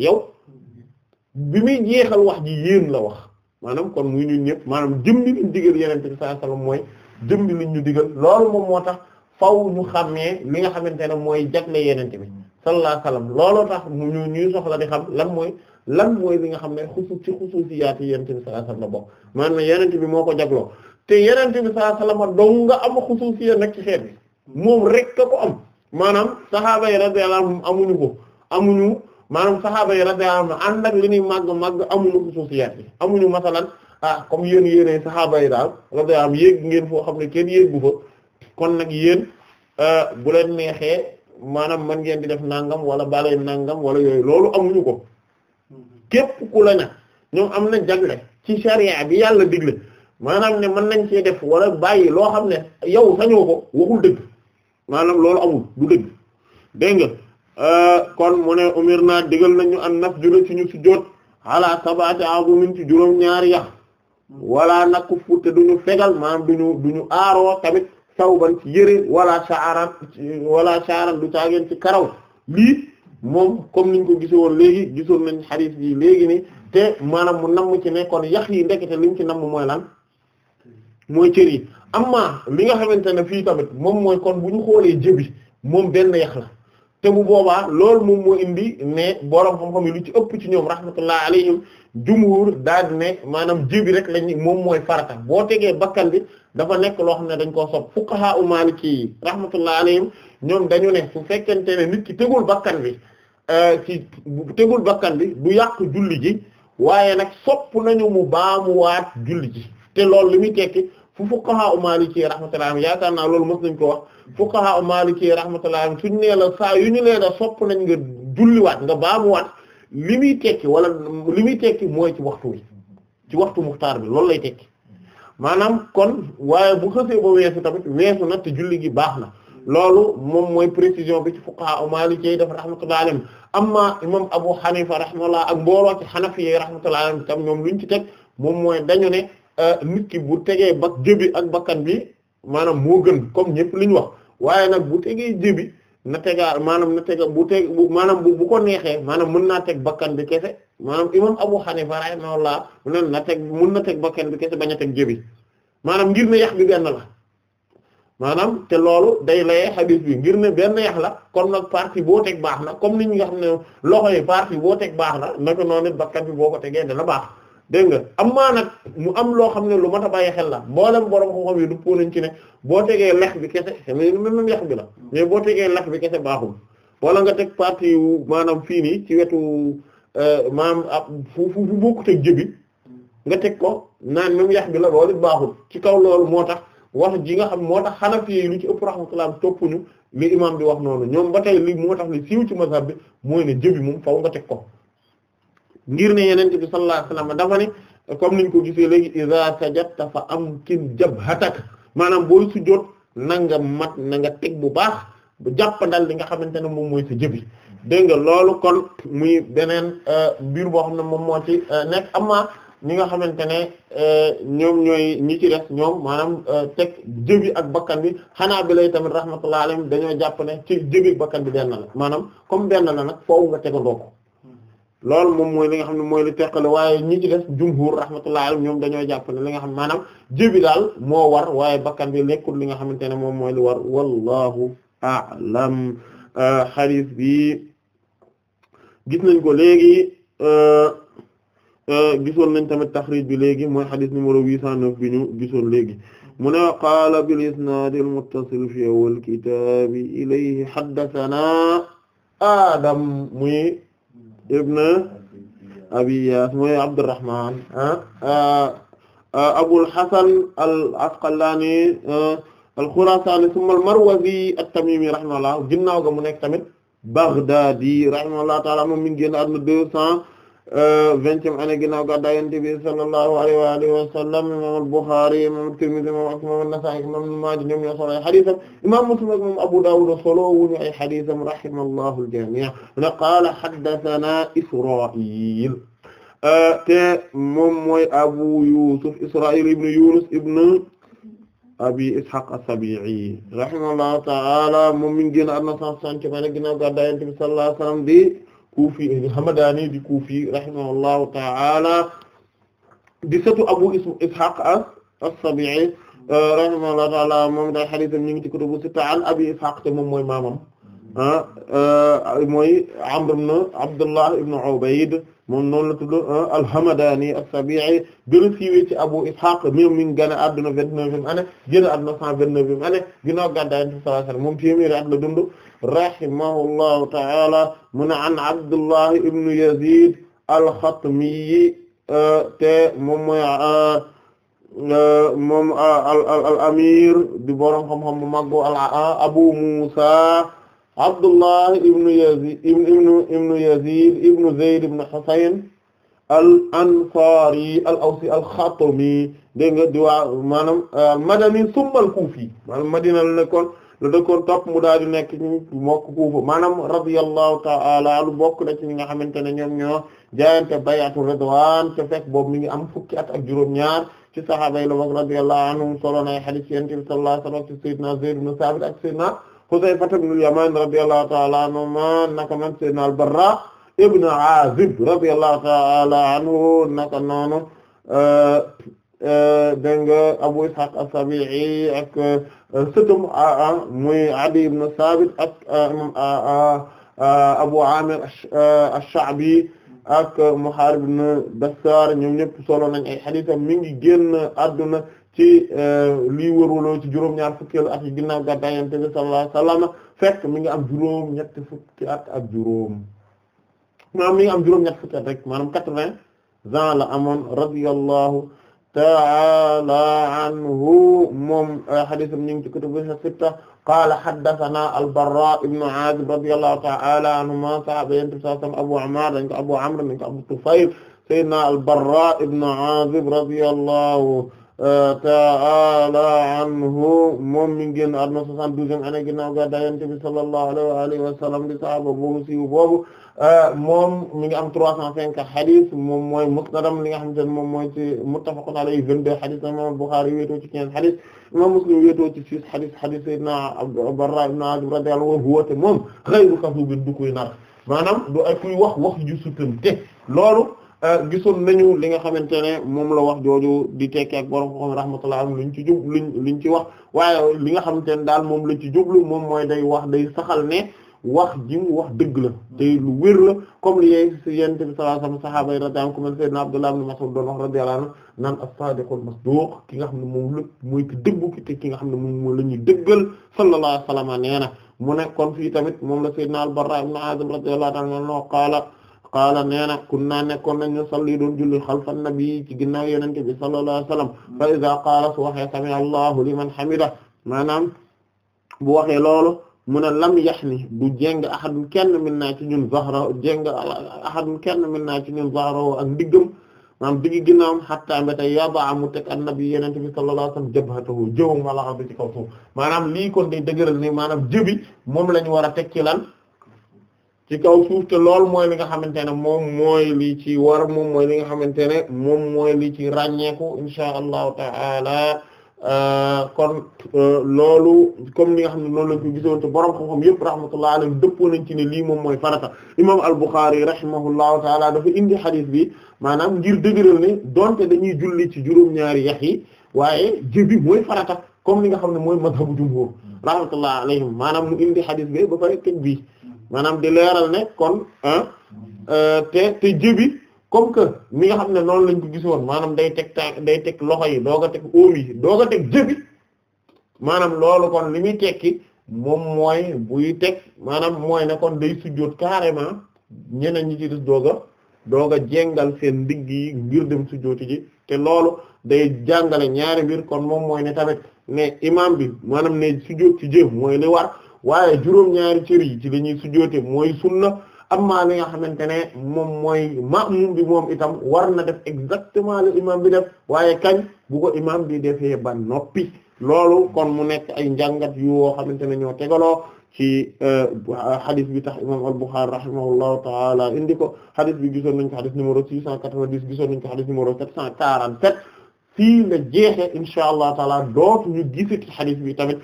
muy jeexal wax ji yéen la wax maanaam kon muy maanaam jëmmi liñ yeneen bi sallallahu mooy jëmmi liñ ñu digal loolu moom moo tax faw ñu xamee li nga xamante ne mooy jagle yeneen bi sallallahu alayhi wasallam looloo tax ñu ñuy soxla di xam lan mooy lan mooy li nga xam ne xusu ci xusuusiyaati yonent bi sallallahu alayhi na la bokk maanaam yonent bi moo ko jagloo te yonent bi sallallahu alayhi wasallam dong nga am xusuusiya nekk ci xeet bi moom rek ka ko am maanaam saxaaba yi radiyallahu anhum amuñu ko amuñu maanaam saxaaba yi radiyallahu anhum ànd ak li ñuy màgg màgg amuñu xusuusiyaat yi amuñu masalan ah comme yéen yéenay saxaaba yi daal radiyallahu anhum yéeg ngeen foo xam ne kenn yéegu fa kon nag yéen ah, bu leen neexee. maanaam man ngeen di def nangam wala bale nangam wala yooyu loolu amuñu ko képp ku la na am na jagle ci charia bi yàlla digle maanaam ne mën nañ cee def wala bàyyi loo xam ne yow sañoo ko waxul dëgg maanaam loolu amul du dëgg dégg nga euh, kon mu ne umir na digal nañu an naf jula ci ñu si joot ala sabaati azumin ci juróom ñaari yax wala nakku fu te duñu fegal maanaam duñu duñu aaroo tamit sawban ci yëre wala sha'ran wala sha'ran du caageen ci karaw lii moom comme niñ ko gise woon léegi gisoon nañ xadiis bi léegi nii te maanaam mu namm ci ne kon yax yi ndekete liñ ci namm mooy lan mooy cër yi amma li nga xamante ne fii tamit moom mooy kon bu ñu xoolee jëbi moom benn yax te bu boobaa loolu moom moo indi ne borom xam-xam yi lu ci ëpp ci ñoom rahmatullah alayhim jumhur daal ne maanaam jibi rek lañ moom mooy farata boo tegee bakkan bi dafa nekk loo xam ne dañ koo sopp fuqaha u maliki ci rahmatullah alayhim ñoom dañu ne su fekkente ne nit ki tegul bakkan bi euh, ci tegul bakkan bi du yàq julli ji waaye nag sopp nañu mu mu baamuwaat julli ji te loolu li muy tekki fu fuqaha u maliki rahmatullahi yaakaar naa loolu mos nañ ko wax fuqaha u maliki rahmatullahi suñ saa yu ñu nee la sopp nañ nga julliwaat nga baamuwaat li muy tekki wala li muy tekki mooy ci waxtu bi ci waxtu muxtaar bi loolu lay tekki maanaam kon waaye bu xësee ba weesu tamit weesu na te julli gi baax na loolu moom mooy précision bi ci fuqaha u maliki dafa rahmatullahi alayhim amma imam abu hanifa rahmatullah ak mbooloo ci hanafi yi rahmatullahi tam ñoom luñ ci teg moom mooy dañu ne Euh, nit ki bu tegee ba jëbi ak bakkan bi maanaam moo gën comme ñëpp li ñu wax waaye nag bu tegee jëbi na tegaa maanaam na tega bu teg maanaam bu ko neexee maanaam mën naa teg bakkan bi kese maanaam imam Abu Hanifa rahimahullah mu ne na teg mën na teg bakkan bi kese bañ a teg jëbi maanaam ngir ne yax bi benn la maanaam te loolu day layee xadiis bi ngir ne benn yax la kon nag partie boo teg baax na comme ni ñi nga xam ne loxo yi partie boo teg baax na naka noonu bakkan bi boo ko tegee dana baax dégg nga am maa nag mu am loo xam ne lu mat a bàyyi xel la mboolem borom xam-xam yi duppoo nañ ci ne boo tegee lex bi kese même lex bi la mais boo tegee lex bi kese baaxul wala nga teg partie maanaam fii nii ci wetu euh, maanaam ab fu teg jëbi nga teg ko naan même yax bi la loolu baaxul ci kaw loolu moo tax wax ji nga xam moo tax Hanafi yi lu ci ëpp rahmatullah ñu li imam bi wax noonu ñoom ba tey li moo tax li siiw ci mazhab bi mooy ne jëbi moom faw nga teg ko ngir ne yeneen bi sallallahu alayhi wasallam dafa ne comme niñ ko gisee léegi iza sajadta fa amkin jabhataka maanaam booy sujjóot na nga mat na teg bu baax bu jàppandal li nga xamante ne moom mooy sa jëbi dégg nga loolu kon muy beneen euh, biir boo xam ne moom moo ci euh, nekk amaa ñi nga xamante ne euh, ñoom ñooy ñi ci des ñoom maanaam teg jëbi ak bakkan bi xanaa bi lay tamit rahmatullahi alayhim dañoo jàpp ne ci jëbi ak bakkan bi benn la maanaam comme benn la nag foofu nga tegandoo ko loolu moom mooy li nga xam ne mooy li teqale waaye ni ci def jumhur rahmatullah alayhim ñoom dañoo jàpp li nga xam maanaam jibi daal moo war waaye bakkan bi nekkul li nga xamante ne moom mooy li war wallahu a'lam euh, hadith bi gis nañ ko léegi euh, euh, gisoon nañ tamit taxrij bi léegi mooy hadith numéro 809 bi ñu gisoon léegi mu ne qaala bil isnaad al muttasil fi awwal kitaabi ilayhi haddathana Adam muy ibn abi yaas mooy abdurrahman ah, ah, abul hasan al asqalani al ah, khurasani thumma al marwazi at-tamimi rahimahullah ginnaaw ga mu nekk tamit baghdadi rahimahullah ta'ala moom mi ngi génn àdduna deux cent Euh, vingtième année ginnaaw gàddaay Yonent bi sallallahu alayhi wa alihi wa sallam imam al-Bukhari imam Tirmidhi imam imam an-Nasa'i imam Ibn Maaja ñoom ñoo solo ay xadisam imam Muslim ak imam Abu Dawud solo wuñu ay xadisam rahimallahu al-jami' na qaala haddathana Israa'il euh, te moom mooy Abu Yusuf Israa'il ibn Yunus ibn Abi Ishaq as-Sabi'i rahimahullahu ta'ala moom mi ngi génn àdduna 160 ci ginnaaw gàddaay Yonent bi sallallahu alayhi wa sallam di kuufi hamadaani di kuufi rahimahullahu ta'ala di sëtu abu ishaq as-sabi'i euh, rahimahullahu ta'ala moom day xadiisam ñu ngi ci kutubu sitta an abi ishaq te moom mooy maamam ah, euh, mooy amr ibn abdullah ibn ubayd moom noonu la tudd ah, al-Hamadani as-Sabi'i gën a siiwee ci Abu Ishaq moom mi ngi gane àdduna vingt-neuvième année génn àdduna cent vingt-neuvième année ginnaaw gàddaay Yonent bi sallallahu alayhi wasallam moom téeméeri at la dund rahimahullahu ta'ala mu ne an Abdullah ibn Yazid al-Khatmi te moom mooy moom al amir di borom xam-xam bu mag bu Abu Musa Abdullah ibn Yazid ibn Yazid ibn Zayd ibn Husayn al ansari al awsi al xatmi dégg nga di waa maanaam madani summa al kufi maanaam madina la nekkoon la dëkkoon topp mu daal di nekk ñu mokk kuufa maanaam radiyallahu ta'ala anhu bokk na ci ñi nga xamante ne ñoom ñoo jaayante a ridwaan te fekk boobu mi ngi am fukki at ak juróom-ñaar ci sahaaba yi la bokk radiyallahu anhum solo nay hadith ci yonent bi sallallahu alayhi wa sallam ci sayyidina Zayd ibn Sabit ak al-Yaman radiyallahu ta'ala anhuma naka noonu sayyidina al-Barra ibn Azib radiyallahu ta'ala anhu euh, euh, nga Abu Ishaq as-Sabi'i sëtam muy Adi ibn Sabit ak Abu Amir ash-Sha'bi ak Muharib ibn Bassar ñoom ñëpp solo nañ ay xadiisam mi ngi génn adduna ci e, lii wërwaloo ci juróom-ñaar fukkeelu at yi ginnaaw gàddaay Yonent bi sallallahu alayhi fekk mi ngi am juróom ñetti fukki at ak juróom maanaam mi ngi am juróom ñetti fukki at rek maanaam quatre-vingts ans la amoon taala anhu moom hadiisam eh, ñu ngi ci kutubu sitta qaala haddasanaa al-Barraa ibnu Aazib radiyallaahu ta'aala anhumaa sahaaba yonent bi sallallaahu alayhi wa sallam Abu Ammaar dañ ko Abu Amr dañ ko Abu Tufayl sayyidinaa al-Barraa ibnu Aazib radiyallaahu eh, ta'aala anhu moom mi ngi génn àdduna 72 ane ginnaaw gàddaay yonent bi sallallaahu alayhi wa alihi wa sallam di sahaaba boobu siiw boobu Euh, moom mu ngi am trois cent cinq hadith moom mooy musnadam li nga xamante ne moom mooy ci muttafaqun alayhi vingt-deux hadith imam Bukhari wéetoo ci quinze hadith imam Muslim wéetoo ci six hadith hadith sayyidina Barra ibn Azib radiyallahu anhu woote moom ghayru kasubin du koy nar maanaam du ay kuy wax wax ju sutante loolu euh, gisoon nañu li nga xamante ne moom la wax jooju di tekki ak borom ko xam rahmatullah am lu ñu ci jub luñ ñu ci wax waaye li nga xamante ne daal moom lañ ci jublu moom mooy day wax day saxal ne wax ji wax dëgg la te lu wér la comme li si yente bi sallallahu alayhi wasallam sahaaba yi radiyallahu anhum comme sayyidna Abdullah ibn Mas'ud doon wax radiyallahu anhu naan as ki nga xam ne moom lépp mooy ki dëggu ki te ki nga xam ne moom moo la ñuy dëggal sallallahu alayhi wasallam nee na mu ne kon fii tamit moom la sayyidna al-Barra ibn Azib radiyallahu anhu qaala qaala nee na kunna nekkoon nañu salli doon julli xalfa nabi ci ginnaaw yonent bi sallallahu alayhi wasallam fa iza qaala su waxee sami Allahu liman hamida maanaam bu waxee loolu mun ne lam yax ni du jéng ahadun kenn min naa ci ñun zahra jéng ahadun kenn min naa ci ñun zahra ak ndiggam maanaam digg ginnaawam xattaa mbéta yaba mu teg annabi yenente bi sallallahu alayhi wasallam jabhatahu jëwam walaxa bi ci kaw suuf maanaam lii kon day dëgëral ni maanaam jabi moom lañ war a teg ci lan kaw suuf te lool mooy li nga xamante ne moom mooy li ci war moom mooy li nga xamante ne moom mooy li ci ràññeeku insha allahu taala Euh, kon euh, loolu comme ni nga xam ne noonu lañ ko gisoon te borom xam-xam yëpp rahmatullah alayhi dëppoo nañ ci ne lii moom mooy farata imam al-Bukhari rahimahullahu taala dafa indi xadis bi maanaam ngir dëgëral ne donte dañuy julli ci juróom-ñaari yax yi waaye jëbi mooy farata comme li nga xam ne mooy madhabu jumhur rahmatullah alayhim maanaam mu indi xadis bi ba pare teg bii maanaam di leeral ne kon euh, te te comme que mi nga xam ne noonu lañ ko gis woon maanaam day teg tànk day teg loxo yi doo ko teg óom yi doog a teg jëbi maanaam loolu kon li muy tekki moom mooy buy teg maanaam mooy ne kon day sujjóot carrément ñeneen ñi ci des doog a doog a jéngal seen ndigg yi ngir dem sujjóoti ji te loolu day jàngale ñaari mbir kon moom mooy ne tamit ne imam bi maanaam ne sujjóot ci jëf mooy li war waaye juróom-ñaari cër yi ci la ñuy sujjóote mooy sunna amma li nga xamante ne moom mooy ma ma'mum bi moom itam war na def exactement le imam bi def waaye kañ bu ko imam bi defee ba noppi loolu kon mu nekk ay njàngat yu woo xamante ne ñoo tegaloo ci hadith euh, bi tax imam al-Bukhari rahimahullahu ta'ala indi ko hadith bi gisoon nañ ko hadith numéro 690 gisoon nañ ko hadith numéro 747 fii la jeexee insha allah taala dootuñu gisati xadis bi tamit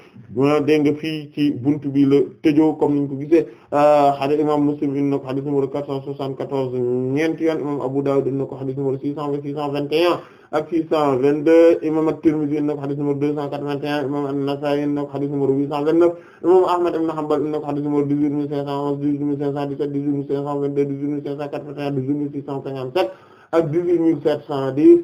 dégg nga fii ci buntu bi la tëjoo comme niñ ko gisee ah, xadis imam muslim in na ko xadis numéro quatre cent soixante-quatorze ñeenti yoon imam abu dawud in na ko xadis numéro six cent vingt six cent vingt et un ak six cent vingt deux imam at-Tirmidhi in na ko xadis numéro deux cent quatre-vingt-un imam an-Nasa'i in na ko xadis numéro huit cent vingt-neuf imam ahmad ibn Hanbal in na ko xadis numéro dix-huit mille cinq cent onze dix-huit mille cinq cent dix-sept dix-huit mille cinq cent vingt-deux dix-huit mille cinq cent quatre-vingt-un dix-huit mille six cent cinquante-sept ak dix-huit mille sept cent dix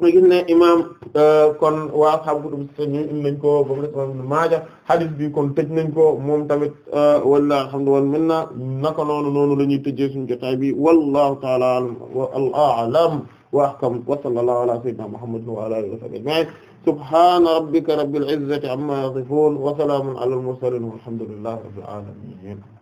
mu gis ne imaam euh, kon waa ashaabu kutubu sitta ñu indi nañ ko ba mu des imaam Ibn Maaja hadith bi kon tëj nañ ko moom tamit euh, wallaahi alhamdu wal minna naka noonu noonu la ñuy tëjee suñu jotaay bi wallaahu ta'ala a'lam wa a'lam wa ahkam wa sallallahu ala sayyidina Muhammad wa ala alihi wa sahbihi ajma'in subhana rabbika rabbil izzati amma yasifun wa salamun ala al mursalin walhamdulillahi rabbil alamin